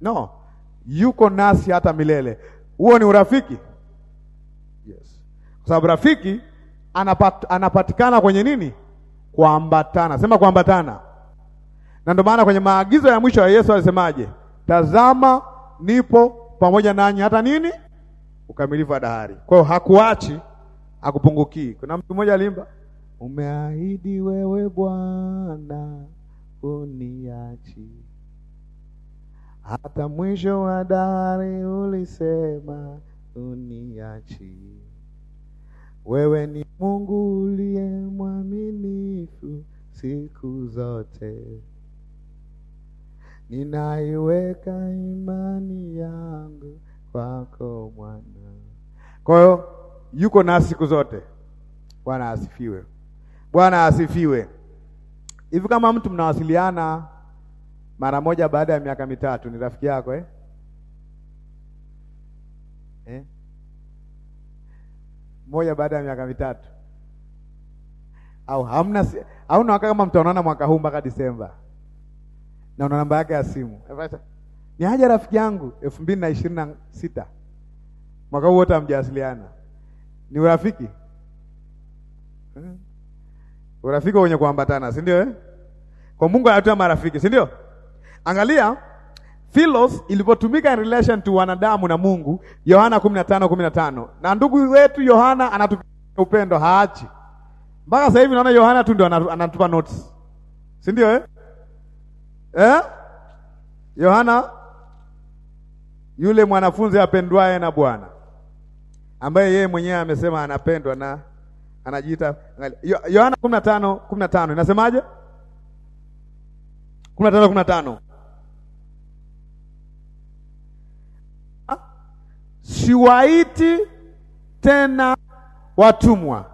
No, yuko nasi hata milele. Huo ni urafiki yes. Kwa sababu rafiki anapat, anapatikana kwenye nini? kuambatana, sema kuambatana. Na ndio maana kwenye maagizo ya mwisho ya Yesu alisemaje? Tazama nipo pamoja nanyi hata nini, ukamilifu wa dahari. Kwa hiyo hakuachi, hakupungukii. Kuna mtu mmoja alimba, umeahidi wewe Bwana uniachi hata mwisho wa dahari, ulisema uniachi wewe ni Mungu uliye mwaminifu siku zote, ninaiweka imani yangu kwako Bwana. Kwa hiyo yuko na siku zote. Bwana asifiwe, Bwana asifiwe. Hivi kama mtu mnawasiliana mara moja baada ya miaka mitatu, ni rafiki yako eh? Eh? moja baada ya miaka mitatu au hamna, na wakati kama mtaonana mwaka huu mpaka Disemba, na una namba yake ya simu. Ni haja rafiki yangu, elfu mbili na ishirini na sita mwaka huu wote hamjawasiliana. Ni urafiki hmm. Urafiki wenye kuambatana, si ndio eh? Kwa Mungu anatoa marafiki, si ndio? Angalia Philos ilivyotumika in relation to wanadamu na Mungu, Yohana 15:15. Na ndugu wetu Yohana anatupa upendo haachi. Mpaka sasa hivi naona Yohana tu ndio anatupa notes. Si ndio eh? Eh? Yohana yule mwanafunzi apendwaye na Bwana ambaye yeye mwenyewe amesema anapendwa na anajiita Yohana 15:15 inasemaje? 15:15 siwaiti tena watumwa,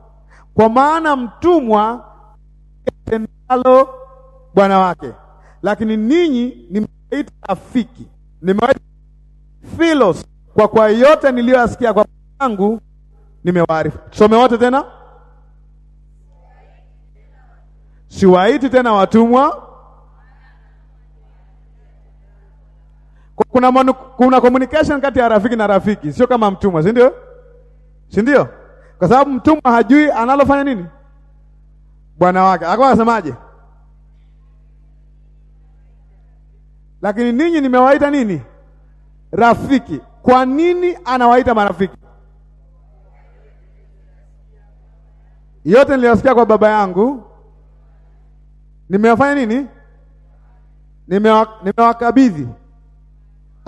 kwa maana mtumwa tendalo bwana wake, lakini ninyi nimewaita rafiki, nimewaita filos, kwa kwa yote niliyoyasikia kwa yangu nimewaarifu. Tusome wote tena, siwaiti tena watumwa Kuna manu, kuna communication kati ya rafiki na rafiki, sio kama mtumwa, si ndio? Si ndio? Kwa sababu mtumwa hajui analofanya nini bwana wake. Akawa anasemaje? Lakini ninyi nimewaita nini? Rafiki. Kwa nini anawaita marafiki? Yote niliyosikia kwa baba yangu nimewafanya nini? Nimewakabidhi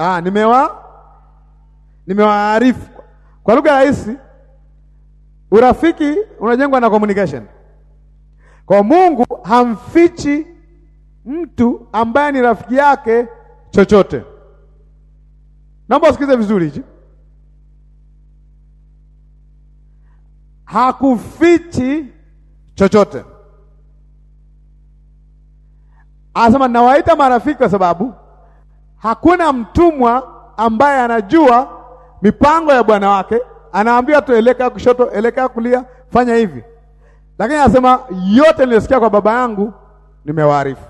Ah, nimewa nimewaarifu kwa lugha rahisi, urafiki unajengwa na communication. Kwa Mungu hamfichi mtu ambaye ni rafiki yake chochote. Naomba usikize vizuri hichi. Hakufichi chochote. Anasema nawaita marafiki kwa sababu Hakuna mtumwa ambaye anajua mipango ya bwana wake, anaambiwa tu elekea kushoto, elekea kulia, fanya hivi, lakini anasema yote nilisikia kwa baba yangu nimewaarifu.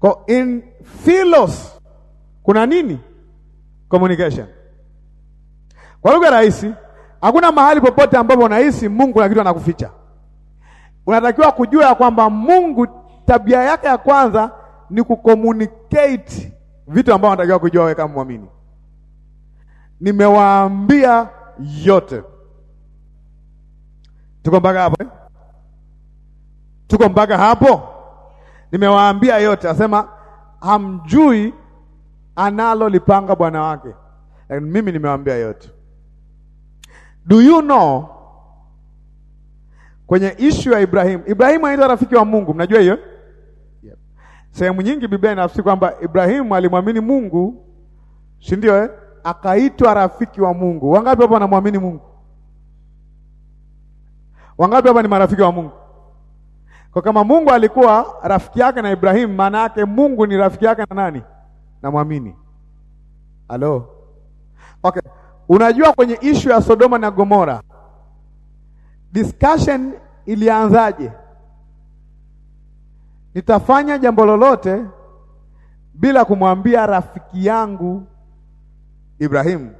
Kwa in philos kuna nini? Communication. Kwa lugha rahisi, hakuna mahali popote ambapo unahisi Mungu na kitu anakuficha. Unatakiwa kujua ya kwamba Mungu tabia yake ya kwanza ni kucommunicate vitu ambavyo anatakiwa kujua wewe kama mwamini. Nimewaambia yote. Tuko mpaka hapo eh? Tuko mpaka hapo. Nimewaambia yote, asema hamjui analolipanga Bwana wake, lakini mimi nimewaambia yote. Do you know, kwenye ishu ya Ibrahimu, Ibrahimu anaitwa rafiki wa Mungu, mnajua hiyo Sehemu nyingi Biblia inafsiri kwamba Ibrahimu alimwamini Mungu, si ndio eh? Akaitwa rafiki wa Mungu. Wangapi hapa wanamwamini Mungu? Wangapi hapa ni marafiki wa Mungu? Kwa kama Mungu alikuwa rafiki yake na Ibrahimu, maana yake Mungu ni rafiki yake na nani? Na mwamini. Halo. Okay. Unajua kwenye ishu ya Sodoma na Gomora discussion ilianzaje? nitafanya jambo lolote bila kumwambia rafiki yangu Ibrahimu.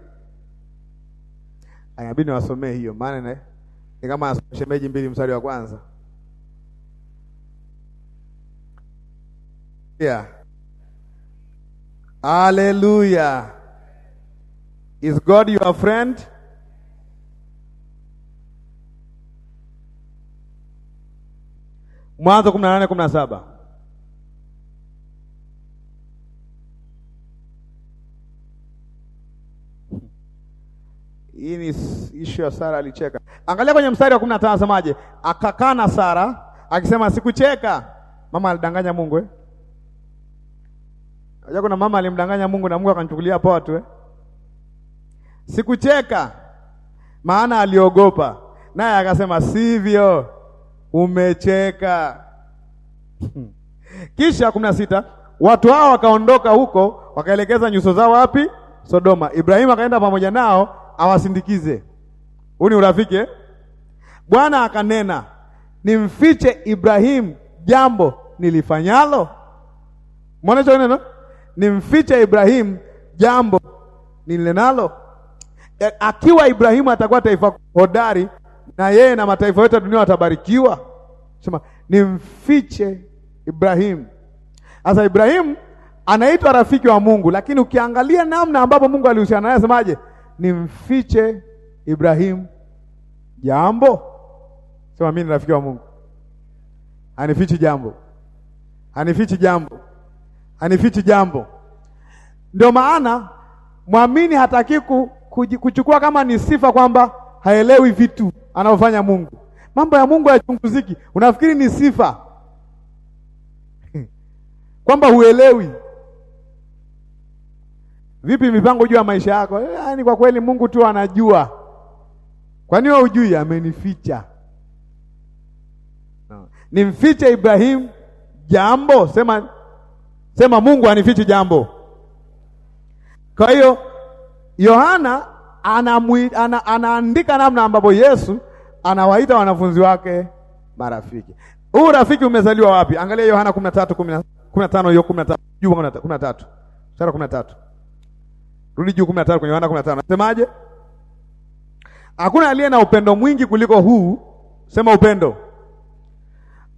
Inabidi niwasomee hiyo, maana ni kama Shemeji mbili mstari wa kwanza yeah. Haleluya! Is God your friend? Mwanzo kumi na nane kumi na saba Hii ni ishu ya Sara alicheka. Angalia kwenye mstari wa kumi na tano Akakana Sara akisema sikucheka. Mama alidanganya Mungu eh? Unajua kuna mama alimdanganya Mungu na Mungu akanchukulia poa tu eh? Sikucheka maana aliogopa, naye akasema sivyo umecheka. Kisha kumi na sita watu hao wakaondoka huko wakaelekeza nyuso zao wapi? Sodoma. Ibrahimu akaenda pamoja nao awasindikize. Huu ni urafiki eh? Bwana akanena, nimfiche Ibrahimu jambo nilifanyalo. Mwana cho neno, nimfiche Ibrahimu jambo nilinenalo. E, akiwa Ibrahimu atakuwa taifa hodari na yeye na mataifa yote ya dunia watabarikiwa. Sema nimfiche Ibrahimu. Sasa Ibrahimu anaitwa rafiki wa Mungu, lakini ukiangalia namna ambapo Mungu alihusiana naye, asemaje Nimfiche Ibrahimu jambo. Sema mimi ni rafiki wa Mungu, anifichi jambo, anifichi jambo, anifichi jambo. Ndio maana mwamini hataki kuchukua kama ni sifa kwamba haelewi vitu anaofanya Mungu. Mambo ya Mungu hayachunguziki. Unafikiri ni sifa kwamba huelewi vipi mipango juu ya maisha yako? Eh, yaani kwa kweli Mungu tu anajua. Kwa nini hujui? Amenificha. No. Nimfiche Ibrahim jambo, sema sema Mungu anifiche jambo. Kwa hiyo Yohana anaandika namna ambapo Yesu anawaita wanafunzi wake marafiki. Huu rafiki umezaliwa wapi? Angalia Yohana 13:15 hiyo 13 juu 13. 13. Rudi juu 13 kwenye Yohana 15. Nasemaje? Hakuna aliye na upendo mwingi kuliko huu, sema upendo.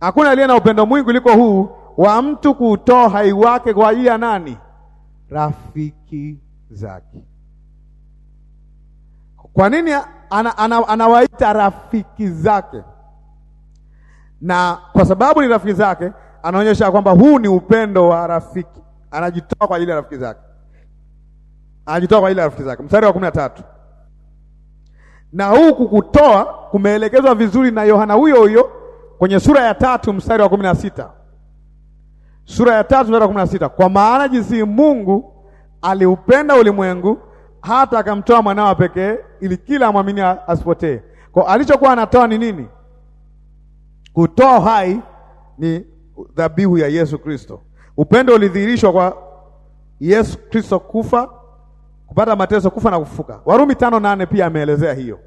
Hakuna aliye na upendo mwingi kuliko huu wa mtu kutoa hai wake kwa ajili ya nani? Rafiki zake. Kwa nini ana, ana, anawaita rafiki zake? Na kwa sababu ni rafiki zake, anaonyesha kwamba huu ni upendo wa rafiki. Anajitoa kwa ajili ya rafiki zake, anajitoa kwa ajili ya rafiki zake. Mstari wa kumi na tatu na huu kukutoa kumeelekezwa vizuri na Yohana huyo huyo kwenye sura ya tatu mstari wa kumi na sita sura ya tatu mstari wa kumi na sita kwa maana jinsi Mungu aliupenda ulimwengu hata akamtoa mwanao pekee ili kila amwamini asipotee. Kwa alichokuwa anatoa ni nini? Kutoa uhai ni dhabihu ya Yesu Kristo. Upendo ulidhihirishwa kwa Yesu Kristo kufa, kupata mateso, kufa na kufuka Warumi tano nane pia ameelezea hiyo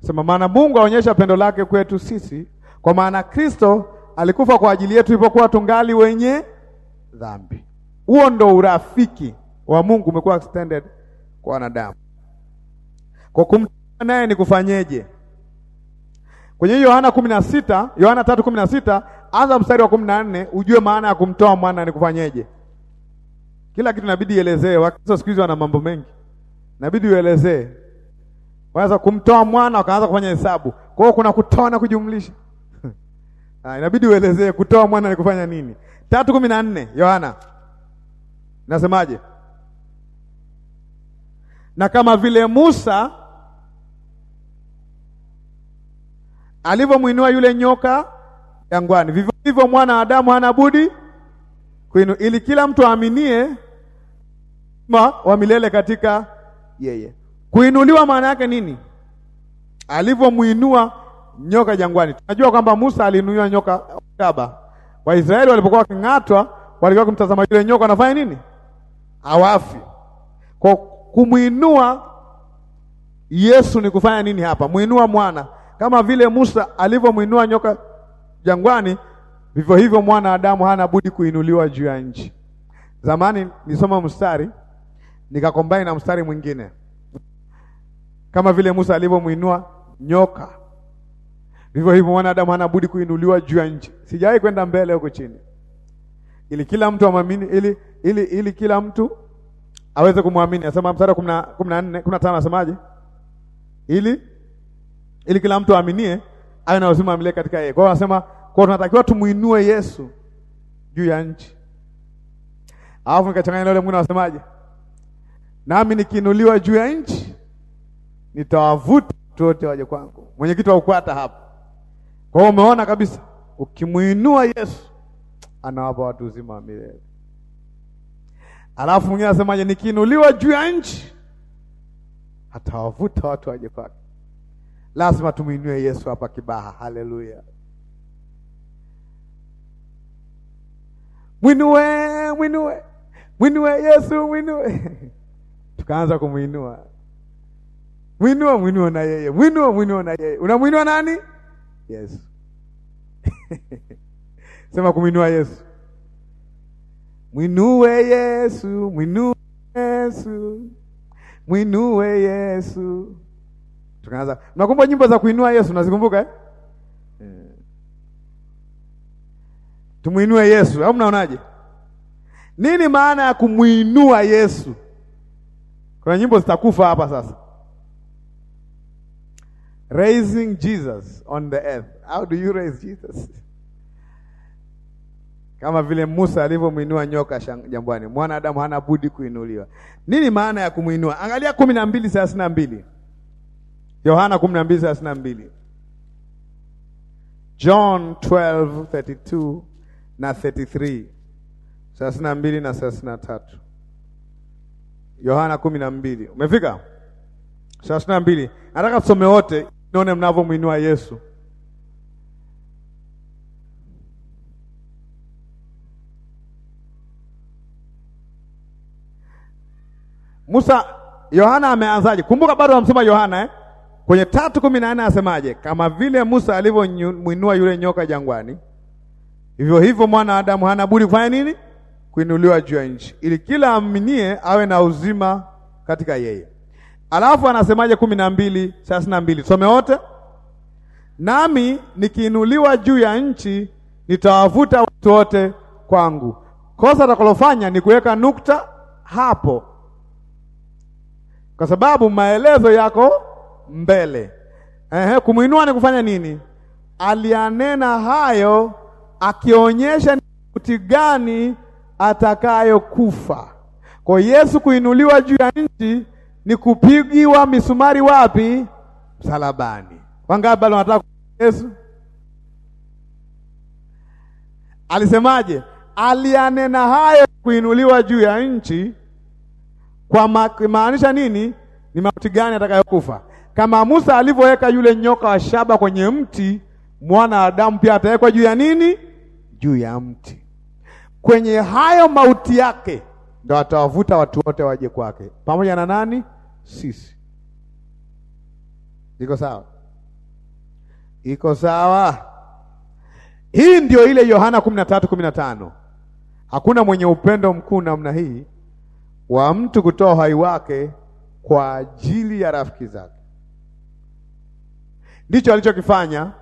sema, maana Mungu aonyesha pendo lake kwetu sisi kwa maana Kristo alikufa kwa ajili yetu ilipokuwa tungali wenye dhambi. Huo ndo urafiki wa Mungu umekuwa extended kwa wanadamu. Kwa kumtuma naye ni kufanyeje? Kwenye Yohana 16, Yohana 3:16, anza mstari wa 14, ujue maana ya kumtoa mwana ni kufanyeje. Kila kitu inabidi ielezee. Wakristo siku hizi wana mambo mengi, inabidi uelezee. Waanza kumtoa mwana wakaanza kufanya hesabu. Kwa hiyo kuna kutoa na kujumlisha Ah, inabidi uelezee kutoa mwana ni kufanya nini? 3:14 Yohana nasemaje? na kama vile Musa alivyomwinua yule nyoka jangwani, vivyo hivyo mwana wa Adamu hana budi kuinu, ili kila mtu aaminie wa milele katika yeye. Kuinuliwa maana yake nini? Alivyomwinua nyoka jangwani. Tunajua kwamba Musa aliinuliwa nyoka shaba. Waisraeli walipokuwa waking'atwa, walikuwa kumtazama yule nyoka anafanya nini, Hawafi kwa kumwinua Yesu ni kufanya nini hapa? Mwinua mwana kama vile Musa alivyomwinua nyoka jangwani, vivyo hivyo mwana Adamu hana budi kuinuliwa juu ya nchi. Zamani nisoma mstari nikakombaini na mstari mwingine, kama vile Musa alivyomwinua nyoka, vivyo hivyo mwana Adamu hana budi kuinuliwa juu ya nchi. Sijawahi kwenda mbele huko chini, ili kila mtu amwamini, ili, ili, ili kila mtu aweze kumwamini. Anasema mstari wa kumi na anasemaje? Ili ili kila mtu aaminie awe na uzima wa milele katika yeye. Kwa hiyo anasema kwa tunatakiwa tumuinue Yesu juu ya nchi. Alafu nikachanganya leo mwingine anasemaje? Nami nikinuliwa juu ya nchi nitawavuta watu wote waje kwangu. Mwenyekiti wa ukwata hapo. Kwa hiyo umeona kabisa ukimuinua Yesu anawapa watu uzima wa milele. Alafu mwingine anasemaje? Nikiinuliwa juu ya nchi atawavuta watu waje kwake. Lazima tumwinue Yesu hapa Kibaha. Haleluya! Mwinue, mwinue, mwinue Yesu, mwinue tukaanza kumwinua, mwinua, mwinua na yeye, mwinua, mwinua na yeye. Unamwinua nani? Yesu sema kumwinua Yesu Mwinue Yesu, mwinue Yesu, mwinue Yesu. Tukaanza. Mnakumbuka nyimbo za kuinua Yesu, nazikumbuka eh? eh? Tumwinue Yesu au mnaonaje? Nini maana ya kumwinua Yesu? Kuna nyimbo zitakufa hapa sasa. Raising Jesus on the earth. How do you raise Jesus? kama vile Musa alivyomwinua nyoka jambwani, mwanadamu hana budi kuinuliwa. Nini maana ya kumwinua? Angalia kumi na mbili thelathini na mbili Yohana kumi na mbili thelathini na mbili John 12:32 na 33 thelathini na mbili na thelathini na tatu Yohana kumi na mbili umefika thelathini na mbili nataka tusome wote, nione mnavyomwinua Yesu. Musa Yohana ameanzaje? Kumbuka bado amsema Yohana eh? Kwenye tatu kumi na nne asemaje? Kama vile Musa alivyomwinua yule nyoka jangwani, hivyo hivyo mwana wa Adamu hana budi kufanya nini? Kuinuliwa juu ya nchi, ili kila aminie awe na uzima katika yeye. Alafu anasemaje? kumi na mbili thelathini na mbili some wote. Nami nikiinuliwa juu ya nchi nitawavuta watu wote kwangu. Kosa atakalofanya ni kuweka nukta hapo kwa sababu maelezo yako mbele. Ehe, kumwinua ni kufanya nini? Alianena hayo akionyesha ni mauti gani atakayokufa. Kwa Yesu kuinuliwa juu ya nchi ni kupigiwa misumari wapi? Msalabani. Wangapi bado wanataka Yesu? Alisemaje? Alianena hayo kuinuliwa juu ya nchi kwa maanisha nini? Ni mauti gani atakayokufa? Kama Musa alivyoweka yule nyoka wa shaba kwenye mti, mwana wa Adamu pia atawekwa juu ya nini? Juu ya mti. Kwenye hayo mauti yake ndo atawavuta watu wote waje kwake, pamoja na nani? Sisi. Iko sawa? Iko sawa. Hii ndio ile Yohana kumi na tatu kumi na tano. Hakuna mwenye upendo mkuu namna hii wa mtu kutoa uhai wake kwa ajili ya rafiki zake. Ndicho alichokifanya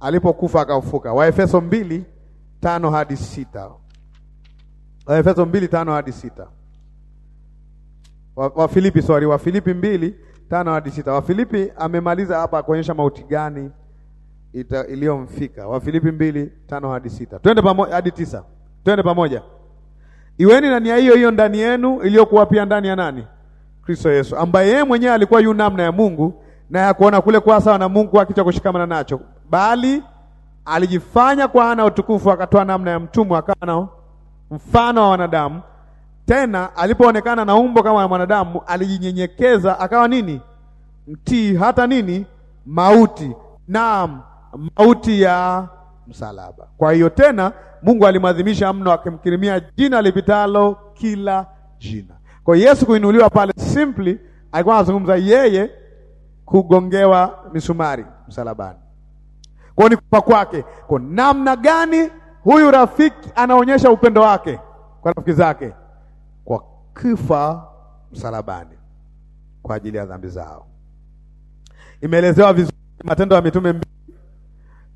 alipokufa akafuka Waefeso mbili tano hadi sita. Waefeso mbili tano hadi sita. Wafilipi sori Wafilipi mbili tano hadi sita. Wafilipi amemaliza hapa kuonyesha mauti gani iliyomfika. Wafilipi mbili tano hadi sita. Twende pamoja hadi tisa. Twende pamoja. Iweni na nia hiyo hiyo ndani yenu iliyokuwa pia ndani ya nani? Kristo Yesu, ambaye yeye mwenyewe alikuwa yu namna ya Mungu na ya kuona kule kuwa sawa na Mungu akicha kushikamana nacho, bali alijifanya kwa ana utukufu, akatoa namna ya mtumwa, akawa na mfano wa wanadamu. Tena alipoonekana na umbo kama mwanadamu, alijinyenyekeza akawa nini? Mtii hata nini? Mauti, naam, mauti ya msalaba. Kwa hiyo tena Mungu alimwadhimisha mno, akimkirimia jina lipitalo kila jina. Kwa Yesu kuinuliwa pale, simply alikuwa anazungumza yeye kugongewa misumari msalabani, kwa ni kufa kwake. Kwa namna gani huyu rafiki anaonyesha upendo wake kwa rafiki zake? Kwa kifa msalabani kwa ajili ya dhambi zao. Imeelezewa vizuri Matendo ya Mitume mbili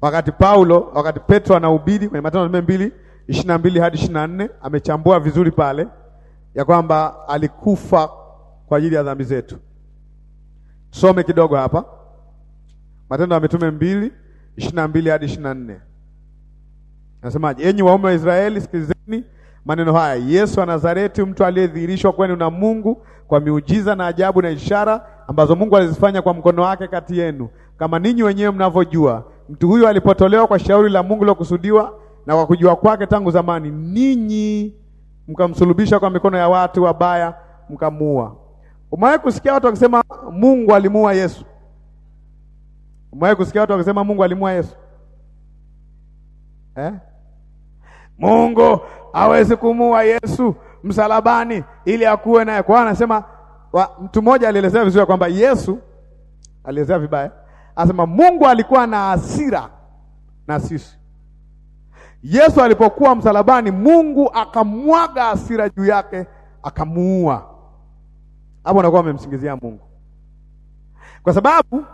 Wakati Paulo, wakati Petro anahubiri kwenye Mathayo mbili ishirini na hadi 24, amechambua vizuri pale ya kwamba alikufa kwa ajili ya dhambi zetu. Tusome kidogo hapa Matendo ya Mitume 2:22 hadi 24. na nasemaje? Enyi waume wa Israeli, sikilizeni maneno haya. Yesu wa Nazareti, mtu aliyedhihirishwa kwenu na Mungu kwa miujiza na ajabu na ishara ambazo Mungu alizifanya kwa mkono wake kati yenu, kama ninyi wenyewe mnavyojua Mtu huyu alipotolewa kwa shauri la Mungu lilokusudiwa na kwa kujua kwake tangu zamani, ninyi mkamsulubisha kwa mikono ya watu wabaya mkamuua. Umewahi kusikia watu wakisema Mungu alimuua Yesu? Umewahi kusikia watu wakisema Mungu alimuua Yesu eh? Mungu hawezi kumuua Yesu msalabani ili akuwe naye. Kwa anasema mtu mmoja alielezea vizuri kwamba Yesu alielezea vibaya Anasema Mungu alikuwa na hasira na sisi. Yesu alipokuwa msalabani, Mungu akamwaga hasira juu yake, akamuua. Hapo anakuwa amemsingizia Mungu, kwa sababu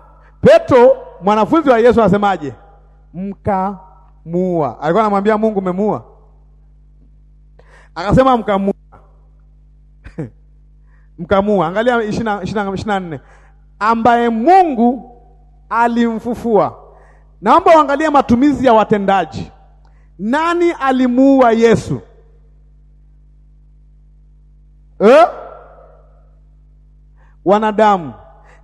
Petro mwanafunzi wa Yesu anasemaje? Mkamuua. Alikuwa anamwambia Mungu memuua, akasema mkamuua mkamuua, Angalia ishirini na nne ambaye Mungu alimfufua. Naomba uangalie matumizi ya watendaji. Nani alimuua Yesu eh? Wanadamu.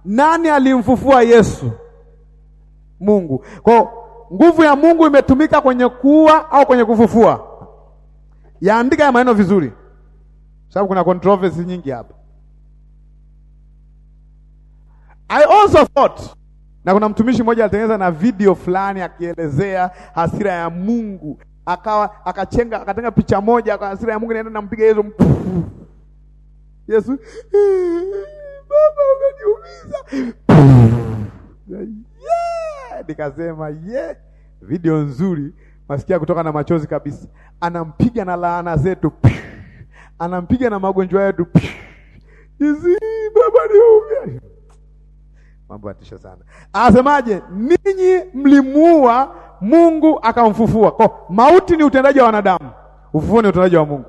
Nani alimfufua Yesu? Mungu. Kwa nguvu ya Mungu imetumika kwenye kuua au kwenye kufufua? Yaandika ya maneno vizuri, sababu kuna controversy nyingi hapa. I also thought na kuna mtumishi mmoja alitengeneza na video fulani akielezea hasira ya Mungu, akawa akachenga, akatenga picha moja kwa hasira ya Mungu inaenda nampiga Yesu. Yesu, eh, Baba umeniumiza. Yeah! Nikasema yeah, video nzuri, masikia kutoka na machozi kabisa. Anampiga na laana zetu, anampiga na magonjwa yetu. Yesu, eh, Baba niumia Mambo yatisha sana. Anasemaje? Ninyi mlimuua Mungu akamfufua. Kwa mauti ni utendaji wa wanadamu, ufufuo ni utendaji wa Mungu.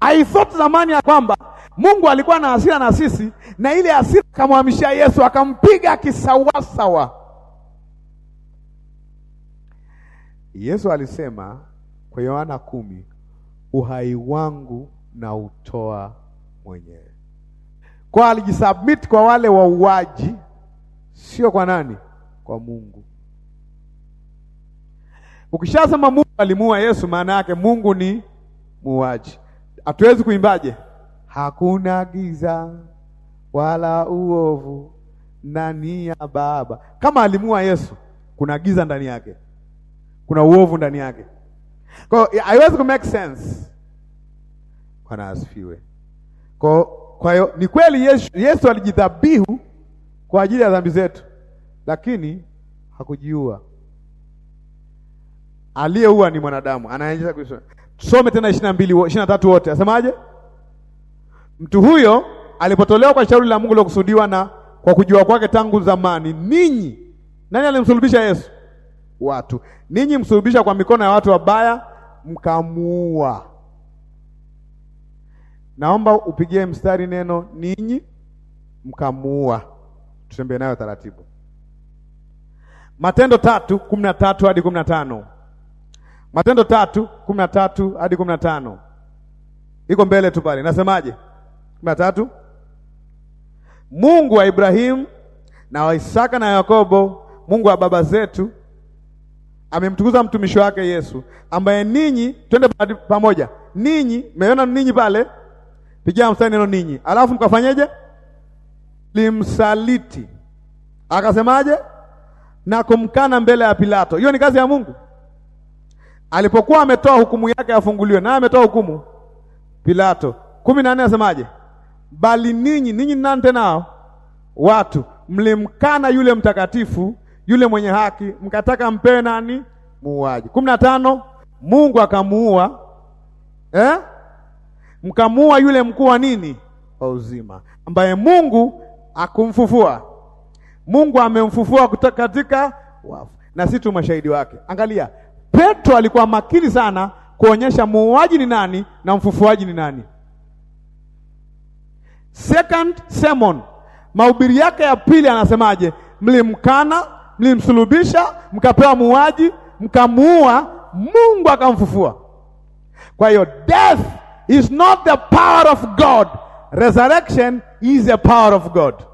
I thought zamani ya kwamba Mungu alikuwa na hasira na sisi, na ile hasira akamhamishia Yesu, akampiga kisawasawa. Yesu alisema kwa Yohana kumi, uhai wangu na utoa mwenyewe kwa alijisubmit kwa wale wauaji, sio kwa nani? Kwa Mungu. Ukishasema Mungu alimuua Yesu, maana yake Mungu ni muuaji. Hatuwezi kuimbaje? Hakuna giza wala uovu ndani ya Baba. Kama alimuua Yesu, kuna giza ndani yake, kuna uovu ndani yake. Kwa hiyo haiwezi ku make sense. Bwana asifiwe. Kwa kwa hiyo ni kweli Yesu, Yesu alijidhabihu kwa ajili ya dhambi zetu, lakini hakujiua. Aliyeua ni mwanadamu. Anaanza kusema. tusome tena ishirini na mbili ishirini na tatu wote, asemaje? Mtu huyo alipotolewa kwa shauri la Mungu lilokusudiwa na kwa kujua kwake tangu zamani. Ninyi, nani alimsulubisha Yesu? Watu. Ninyi msulubisha kwa mikono ya watu wabaya, mkamuua. Naomba upigie mstari neno ninyi mkamuua, tutembee nayo taratibu. Matendo tatu kumi na tatu hadi kumi na tano Matendo tatu kumi na tatu hadi kumi na tano iko mbele tu pale, nasemaje? kumi na tatu Mungu wa Ibrahimu na wa Isaka na Yakobo, Mungu wa baba zetu amemtukuza mtumishi wake Yesu, ambaye ninyi, twende pamoja, ninyi mmeona ninyi pale Pigia mstari neno ninyi, alafu mkafanyeje? Limsaliti akasemaje? Na kumkana mbele ya Pilato. Hiyo ni kazi ya Mungu. Alipokuwa ametoa hukumu yake afunguliwe, naye ametoa hukumu Pilato. kumi na nne asemaje? Bali ninyi ninyi nani tena hao watu mlimkana yule mtakatifu yule mwenye haki, mkataka mpewe nani muuaji. kumi na tano Mungu akamuua eh? mkamua yule mkuu wa nini wa uzima, ambaye Mungu akumfufua. Mungu amemfufua kutoka katika wafu, na sisi tu mashahidi wake. Angalia, Petro alikuwa makini sana kuonyesha muuaji ni nani na mfufuaji ni nani. Second sermon, mahubiri yake ya pili, anasemaje? Mlimkana, mlimsulubisha, mkapewa muuaji, mkamuua, Mungu akamfufua. Kwa hiyo death is not the power of God. Resurrection is the power of God.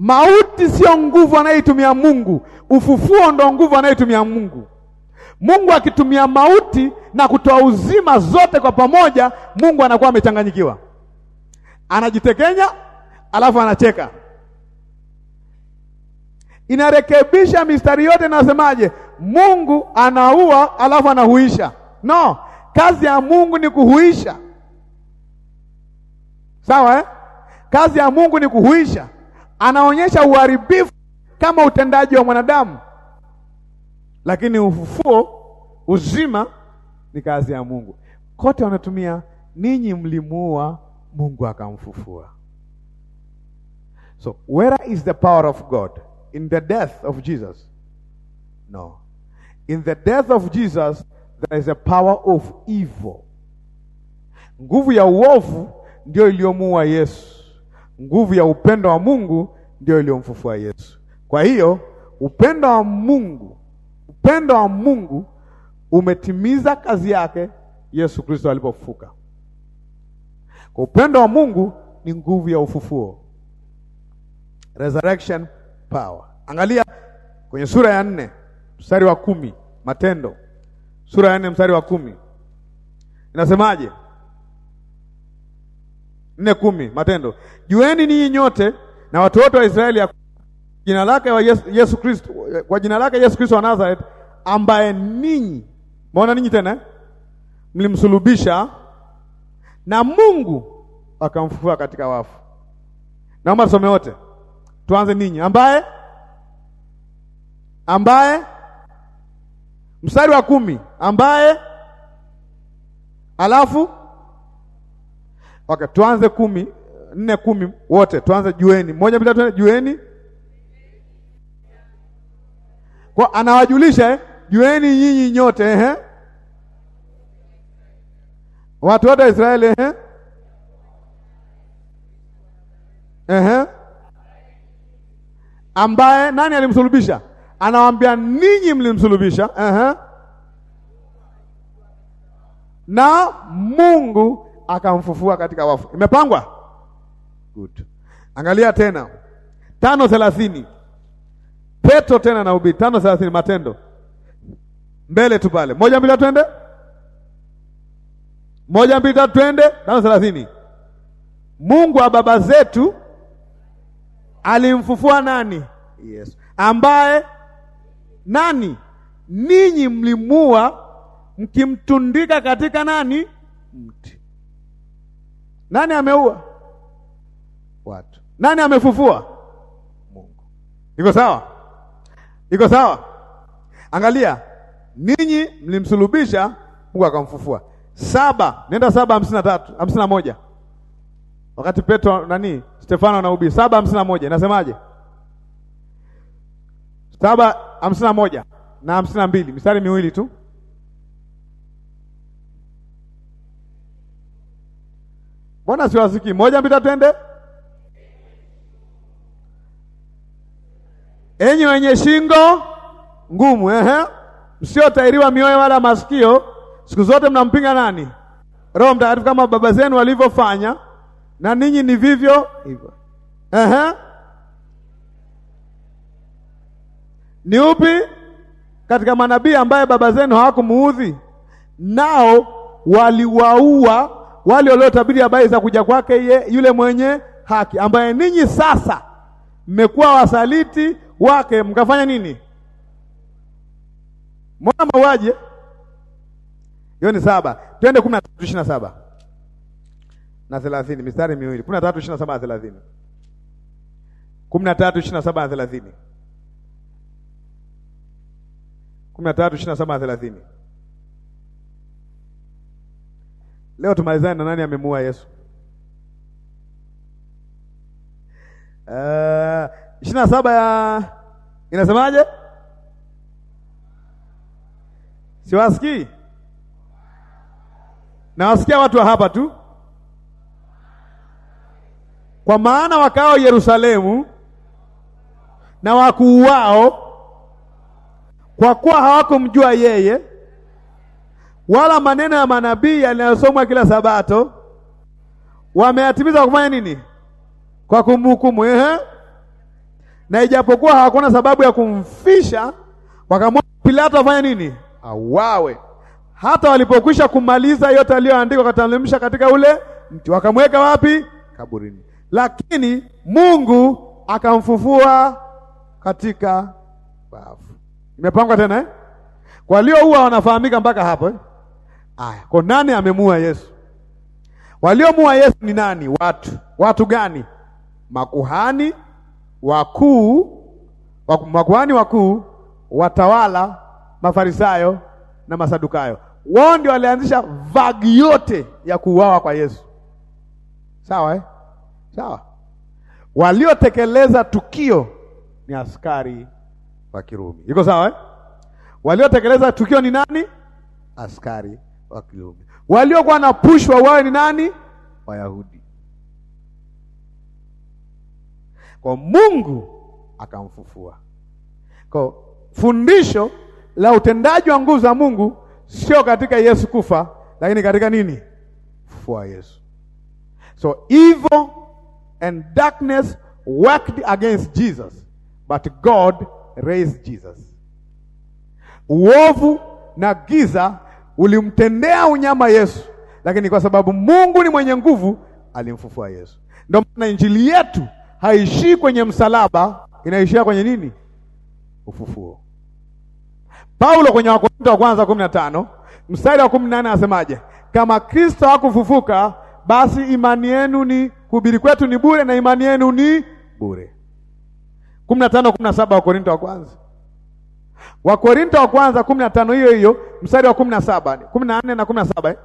Mauti sio nguvu anayoitumia Mungu, ufufuo ndo nguvu anayoitumia Mungu. Mungu akitumia mauti na kutoa uzima zote kwa pamoja, Mungu anakuwa amechanganyikiwa, anajitekenya alafu anacheka. Inarekebisha mistari yote, nasemaje? Mungu anaua alafu anahuisha. No, Kazi ya Mungu ni kuhuisha, sawa eh? Kazi ya Mungu ni kuhuisha. Anaonyesha uharibifu kama utendaji wa mwanadamu, lakini ufufuo, uzima ni kazi ya Mungu. Kote wanatumia ninyi mlimuua, Mungu akamfufua. So where is the power of God in the death of Jesus? No. In the death of Jesus There is a power of evil. Nguvu ya uovu ndio iliyomuua Yesu. Nguvu ya upendo wa Mungu ndio iliyomfufua Yesu. Kwa hiyo upendo wa Mungu, upendo wa Mungu umetimiza kazi yake Yesu Kristo alipofufuka. Kwa upendo wa Mungu ni nguvu ya ufufuo. Resurrection power. Angalia kwenye sura ya nne mstari wa kumi Matendo sura ya nne mstari wa kumi inasemaje? nne kumi Matendo, jueni ninyi nyote na watu wote wa Israeli ya jina lake wa Yesu, Kristo, kwa jina lake Yesu Kristo wa Nazareth, ambaye ninyi maona ninyi tena mlimsulubisha na Mungu akamfufua katika wafu. Naomba tusome wote, tuanze ninyi. Ambaye ambaye mstari wa kumi ambaye alafu okay, tuanze kumi nne kumi wote tuanze, jueni moja bila tatu, jueni kwa anawajulisha eh? Jueni nyinyi nyote eh? watu wote wa Israeli eh? Eh? eh? ambaye nani alimsulubisha anawaambia ninyi mlimsulubisha, uh -huh. na Mungu akamfufua katika wafu. Imepangwa good. Angalia tena tano thelathini Petro tena na ubiri tano thelathini Matendo mbele tu pale, moja mbili twende, moja mbili tatu twende, tano thelathini Mungu wa baba zetu alimfufua nani? Yesu ambaye nani? Ninyi mlimua mkimtundika katika nani? Mti. Nani ameua? Watu. Nani amefufua? Mungu. Iko sawa? Iko sawa? Angalia, ninyi mlimsulubisha, Mungu akamfufua. Saba, nenda saba hamsini na tatu hamsini na moja wakati Petro nani Stefano anahubiri saba hamsini na moja inasemaje? saba hamsini na moja na hamsini na mbili mistari miwili tu. Mbona siwasikii? Moja mbita twende. Enyi wenye shingo ngumu, ehe, msiotairiwa mioyo wala masikio, siku zote mnampinga nani? Roho Mtakatifu, kama baba zenu walivyofanya, na ninyi ni vivyo hivyo. Ehe. Ni upi katika manabii ambaye baba zenu hawakumuudhi? Nao waliwaua wale waliotabiri habari za kuja kwake ye yule mwenye haki, ambaye ninyi sasa mmekuwa wasaliti wake, mkafanya nini? Mbona mauaji? Hiyo ni saba. Twende kumi na tatu ishirini na saba na thelathini, mistari miwili. Kumi na tatu ishirini na saba na thelathini, kumi na tatu ishirini na saba na thelathini kumi na tatu ishirini na saba na thelathini. Leo tumalizane na nani amemuua Yesu. Eh, ishirini na saba ya inasemaje? Siwasikii, nawasikia watu wa hapa tu, kwa maana wakao Yerusalemu na wakuuao kwa kuwa hawakumjua yeye wala maneno ya manabii yanayosomwa kila Sabato wameyatimiza kwa kufanya nini? Kwa kumhukumu. Ehe, na ijapokuwa hawakuona sababu ya kumfisha, wakamwona Pilato afanye nini? awawe Hata walipokwisha kumaliza yote aliyoandikwa katamlimsha katika ule mti, wakamweka wapi? Kaburini. Lakini Mungu akamfufua katika wafu. Imepangwa tena eh? Kwa walioua wanafahamika mpaka hapo eh? Aya, kwa nani amemua Yesu? Waliomua Yesu ni nani? Watu watu gani? Makuhani wakuu, waku, makuhani wakuu, watawala, Mafarisayo na Masadukayo. Wao ndio walianzisha vagi yote ya kuuawa kwa Yesu. Sawa eh? Sawa. Waliotekeleza tukio ni askari wa Kirumi. Iko sawa eh? Waliotekeleza tukio ni nani? Askari wa Kirumi. Waliokuwa na pushwa wao ni nani? Wayahudi. Kwa Mungu akamfufua. Kwa fundisho la utendaji wa nguvu za Mungu sio katika Yesu kufa, lakini katika nini? Fufua Yesu. So evil and darkness worked against Jesus, but God raise Jesus. Uovu na giza ulimtendea unyama Yesu, lakini kwa sababu Mungu ni mwenye nguvu alimfufua Yesu. Ndio maana injili yetu haishii kwenye msalaba, inaishia kwenye nini? Ufufuo. Paulo kwenye wakorinto wa kwanza kumi na tano mstari wa kumi na nane anasemaje? Kama Kristo hakufufuka, basi imani yenu ni, kuhubiri kwetu ni bure na imani yenu ni bure kumi na tano kumi na saba Wakorinto wa kwanza Wakorinto wa kwanza kumi na tano hiyo hiyo mstari wa kumi na saba kumi na nne na kumi na saba eh?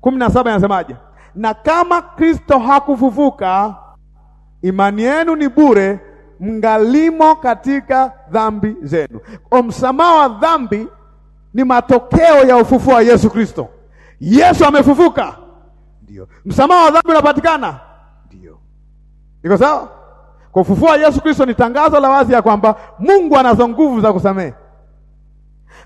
kumi na saba inasemaje? Na kama Kristo hakufufuka imani yenu ni bure, mngalimo katika dhambi zenu. Kwa msamaha wa dhambi ni matokeo ya ufufuo wa Yesu Kristo. Yesu amefufuka, ndio msamaha wa dhambi unapatikana. Ndio, iko sawa? Kwa ufufuo wa Yesu Kristo ni tangazo la wazi ya kwamba Mungu anazo nguvu za kusamehe.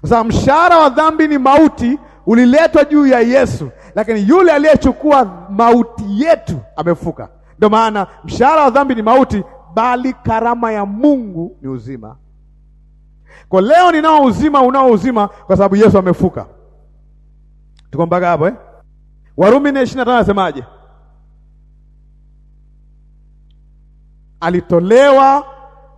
Sasa mshahara wa dhambi ni mauti, uliletwa juu ya Yesu, lakini yule aliyechukua mauti yetu amefuka. Ndio maana mshahara wa dhambi ni mauti, bali karama ya Mungu ni uzima. Kwa leo ninao uzima, unao uzima kwa sababu Yesu amefuka. Tuko mpaka hapo eh? Warumi 4:25 anasemaje? alitolewa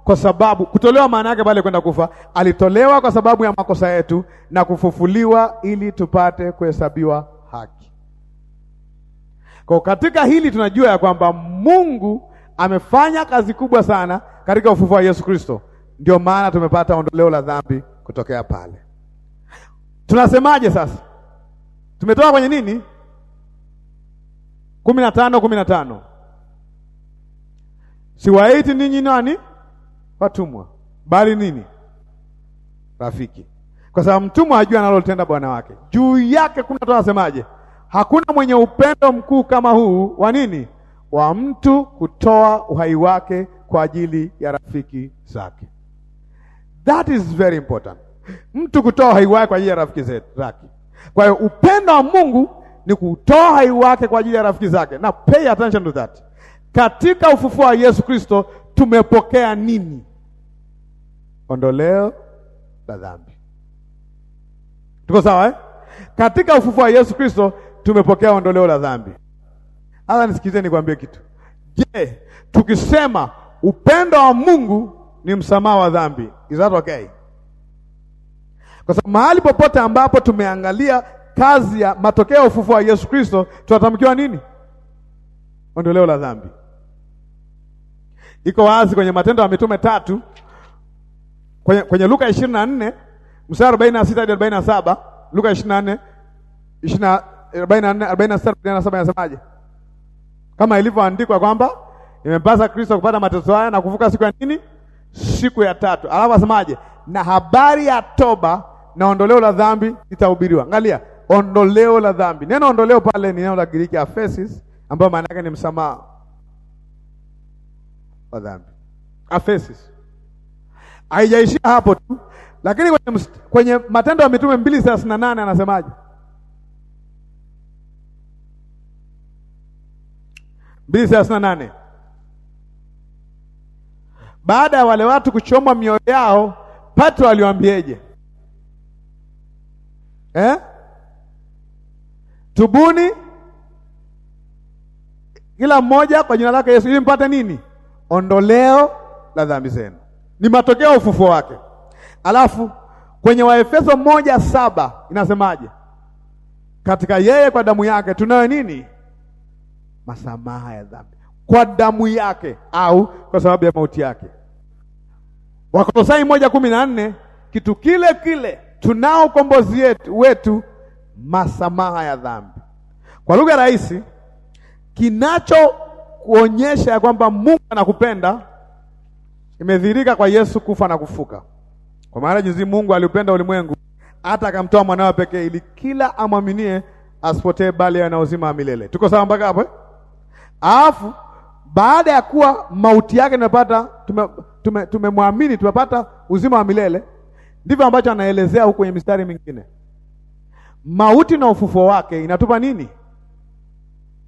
kwa sababu kutolewa maana yake pale kwenda kufa, alitolewa kwa sababu ya makosa yetu na kufufuliwa ili tupate kuhesabiwa haki. Kwa katika hili tunajua ya kwamba Mungu amefanya kazi kubwa sana katika ufufuo wa Yesu Kristo, ndio maana tumepata ondoleo la dhambi kutokea pale. Tunasemaje sasa? Tumetoka kwenye nini? kumi na tano kumi na tano siwaiti ninyi nani watumwa, bali nini rafiki, kwa sababu mtumwa hajui analotenda bwana wake juu yake. Kuna mtu anasemaje? Hakuna mwenye upendo mkuu kama huu wa nini, wa mtu kutoa uhai wake kwa ajili ya rafiki zake. That is very important, mtu kutoa uhai wake kwa ajili ya rafiki zake. Kwa hiyo upendo wa Mungu ni kutoa uhai wake kwa ajili ya rafiki zake, na pay attention to that katika ufufuo wa Yesu Kristo tumepokea nini? Ondoleo la dhambi. Tuko sawa eh? Katika ufufuo wa Yesu Kristo tumepokea ondoleo la dhambi. Hata nisikize, nikwambie kitu. Je, tukisema upendo wa Mungu ni msamaha wa dhambi, is that okay? Kwa sababu mahali popote ambapo tumeangalia kazi ya matokeo ya ufufuo wa Yesu Kristo tunatamkiwa nini? Ondoleo la dhambi iko wazi kwenye Matendo ya Mitume tatu kwenye, kwenye Luka ishirini na nne mstari arobaini na sita hadi arobaini na saba Luka ishirini na nne arobaini na nne arobaini na sita arobaini na saba inasemaje? Kama ilivyoandikwa kwamba imempasa Kristo kupata mateso haya na kuvuka siku ya nini? Siku ya tatu. Alafu asemaje? Na habari ya toba na ondoleo la dhambi litahubiriwa. Angalia, ondoleo la dhambi. Neno ondoleo pale ni neno la Kigiriki aphesis, ambayo maana yake ni msamaha wa dhambi Athesis. Haijaishia hapo tu, lakini kwenye, kwenye Matendo ya Mitume 2:38 anasemaje? 2:38 baada ya wale watu kuchomwa mioyo yao, Petro aliwaambieje? eh? Tubuni kila mmoja kwa jina lake Yesu ili mpate nini? ondoleo la dhambi zenu, ni matokeo ya ufufuo wake. Alafu kwenye Waefeso moja saba inasemaje? Katika yeye kwa damu yake tunayo nini? Masamaha ya dhambi kwa damu yake, au kwa sababu ya mauti yake. Wakolosai moja kumi na nne kitu kile kile, tunao ukombozi wetu, masamaha ya dhambi. Kwa lugha rahisi, kinacho kuonyesha ya kwamba Mungu anakupenda imedhirika kwa Yesu kufa na kufuka. Kwa maana jinsi Mungu aliupenda ulimwengu hata akamtoa mwanawe pekee, ili kila amwaminie asipotee, bali ana uzima wa milele. Tuko sawa mpaka hapo? Eh? Alafu baada ya kuwa mauti yake tumepata, tumemwamini, tume tumepata uzima wa milele. Ndivyo ambacho anaelezea huko kwenye mistari mingine. Mauti na ufufuo wake inatupa nini?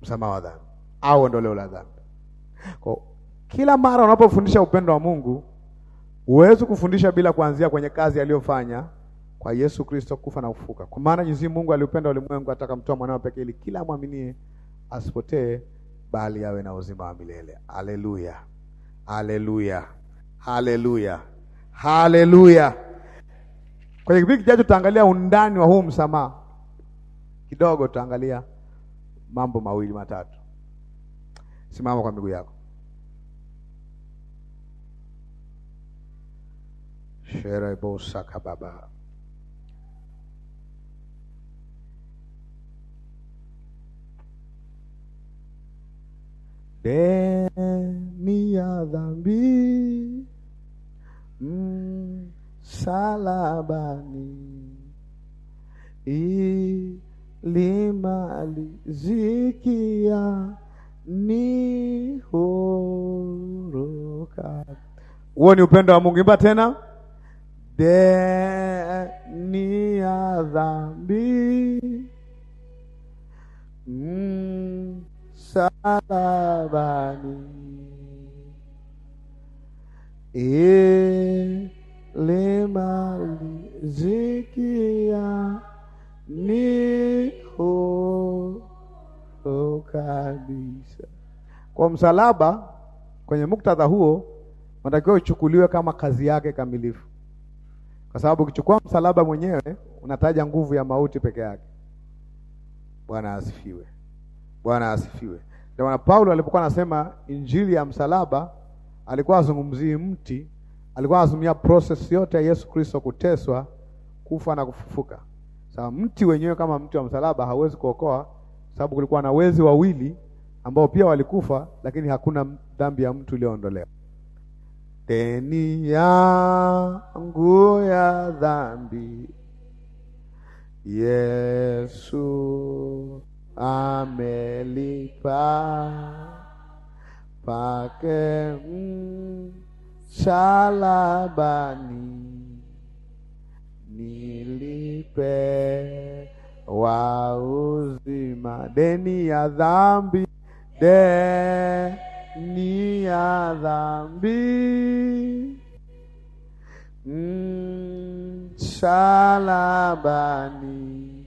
Msamaha wa dhambi au ondoleo la dhambi. Kwa kila mara unapofundisha upendo wa Mungu, huwezi kufundisha bila kuanzia kwenye kazi aliyofanya kwa Yesu Kristo kufa na kufuka. Kwa maana jinsi Mungu aliupenda ulimwengu atakamtoa mwanawe pekee ili kila mwaminie asipotee bali awe na uzima wa milele. Haleluya. Haleluya. Haleluya. Haleluya. Kwenye kipindi kijacho tutaangalia undani wa huu msamaha. Kidogo tutaangalia mambo mawili matatu simama kwa miguu yako. sherebosaka baba deni ya dhambi msalabani ilimalizikia nihoroka. Huo ni upendo wa Mungu. Imba tena, deni ya dhambi msalabani ilimalizikia nihoroka kwa msalaba kwenye muktadha huo unatakiwa uchukuliwe kama kazi yake kamilifu, kwa sababu ukichukua msalaba mwenyewe unataja nguvu ya mauti peke yake. Bwana asifiwe, Bwana asifiwe. Ndio maana Paulo alipokuwa anasema injili ya msalaba alikuwa azungumzii mti, alikuwa azumia process yote ya Yesu Kristo kuteswa, kufa na kufufuka. Sasa mti wenyewe kama mti wa msalaba hauwezi kuokoa, sababu kulikuwa na wezi wawili ambao pia walikufa, lakini hakuna dhambi ya mtu iliyoondolewa. Deni yangu ya dhambi Yesu amelipa, pake msalabani nilipe wa uzima. Deni ya dhambi Deni ya dhambi msalabani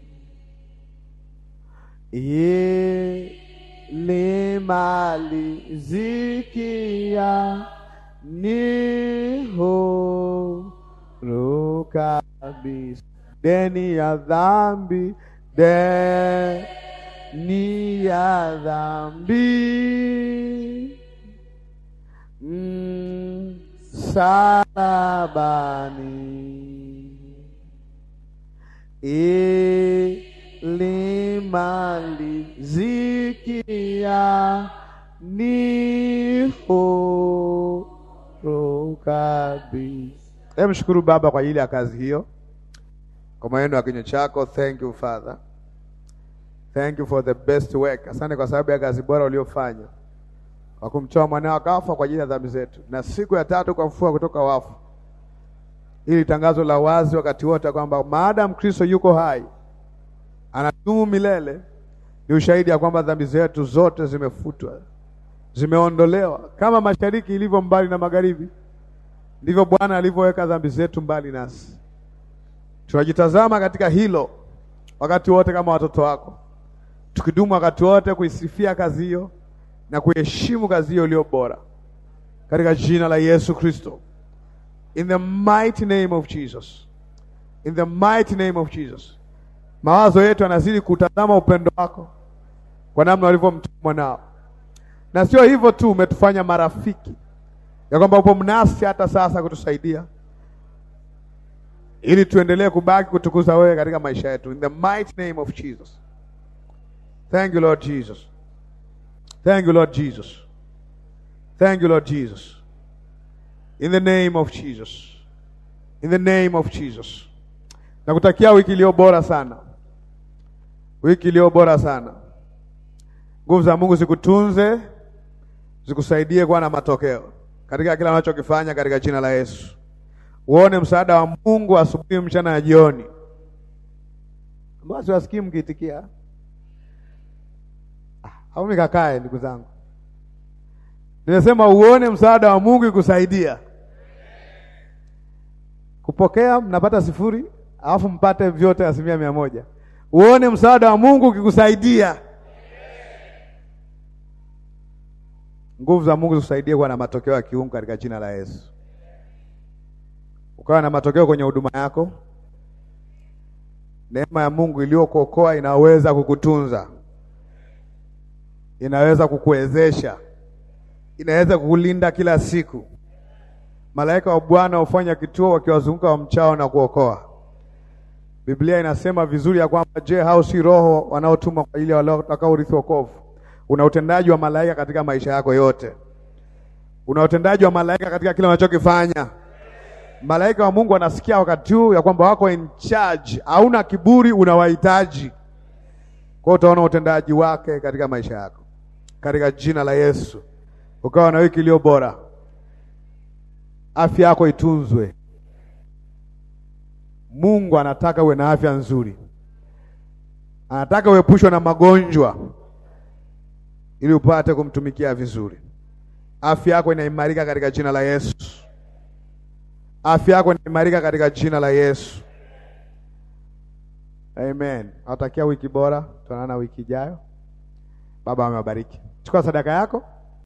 ilimalizikia ni huru kabisa deni ya dhambi deni ni ya dhambi msalabani ilimalizikia ni huru kabisa. Emshukuru Baba kwa ajili ya kazi hiyo, kwa maneno ya kinywa chako. Thank you Father. Thank you for the best work. Asante kwa sababu ya kazi bora uliofanya kwa kumchoma mwanao akafa kwa ajili ya dhambi zetu, na siku ya tatu kwa ukamfufua kutoka wafu. Ili tangazo la wazi wakati wote kwamba maadamu Kristo yuko hai anadumu milele, ni ushahidi ya kwamba dhambi zetu zote zimefutwa, zimeondolewa. Kama mashariki ilivyo mbali na magharibi, ndivyo Bwana alivyoweka dhambi zetu mbali nasi. Tunajitazama katika hilo wakati wote kama watoto wako tukidumu wakati wote kuisifia kazi hiyo na kuheshimu kazi hiyo iliyo bora katika jina la Yesu Kristo. In the mighty name of Jesus. In the mighty name of Jesus. Mawazo yetu yanazidi kutazama upendo wako kwa namna ulivyomtuma mwanao, na sio hivyo tu, umetufanya marafiki, ya kwamba upo mnasi hata sasa kutusaidia ili tuendelee kubaki kutukuza wewe katika maisha yetu. In the mighty name of Jesus. Thank you, Lord Jesus. Thank you, Lord Jesus. Thank you, Lord Jesus. In the name of Jesus. In the name of Jesus. Nakutakia wiki iliyo bora sana, wiki iliyo bora sana. Nguvu za Mungu zikutunze, zikusaidie kuwa na matokeo katika kila unachokifanya, katika jina la Yesu. Uone msaada wa Mungu asubuhi, mchana na jioni. Basi wasikii mkiitikia au nikakae? Ndugu zangu, nimesema uone msaada wa Mungu ikusaidia kupokea. Mnapata sifuri, alafu mpate vyote asilimia mia moja. Uone msaada wa Mungu ukikusaidia, nguvu za Mungu zikusaidia kuwa na matokeo ya kiungu katika jina la Yesu, ukawa na matokeo kwenye huduma yako. Neema ya Mungu iliyokuokoa inaweza kukutunza inaweza kukuwezesha, inaweza kukulinda kila siku. Malaika wa Bwana hufanya kituo wakiwazunguka wa mchao na kuokoa. Biblia inasema vizuri ya kwamba je, hao si roho wanaotumwa kwa ajili ya wale watakaorithi wokovu? Una utendaji wa malaika katika maisha yako yote, una utendaji wa malaika katika kila unachokifanya. Malaika wa Mungu anasikia wakati huu ya kwamba wako in charge, hauna kiburi, unawahitaji. Kwa hiyo utaona utendaji wake katika maisha yako katika jina la Yesu. Ukawa na wiki iliyo bora, afya yako itunzwe. Mungu anataka uwe na afya nzuri, anataka uepushwe na magonjwa ili upate kumtumikia vizuri. Afya yako inaimarika katika jina la Yesu. Afya yako inaimarika katika jina la Yesu. Amen. Natakia wiki bora, tunaona wiki ijayo. Baba amewabariki chukua sadaka yako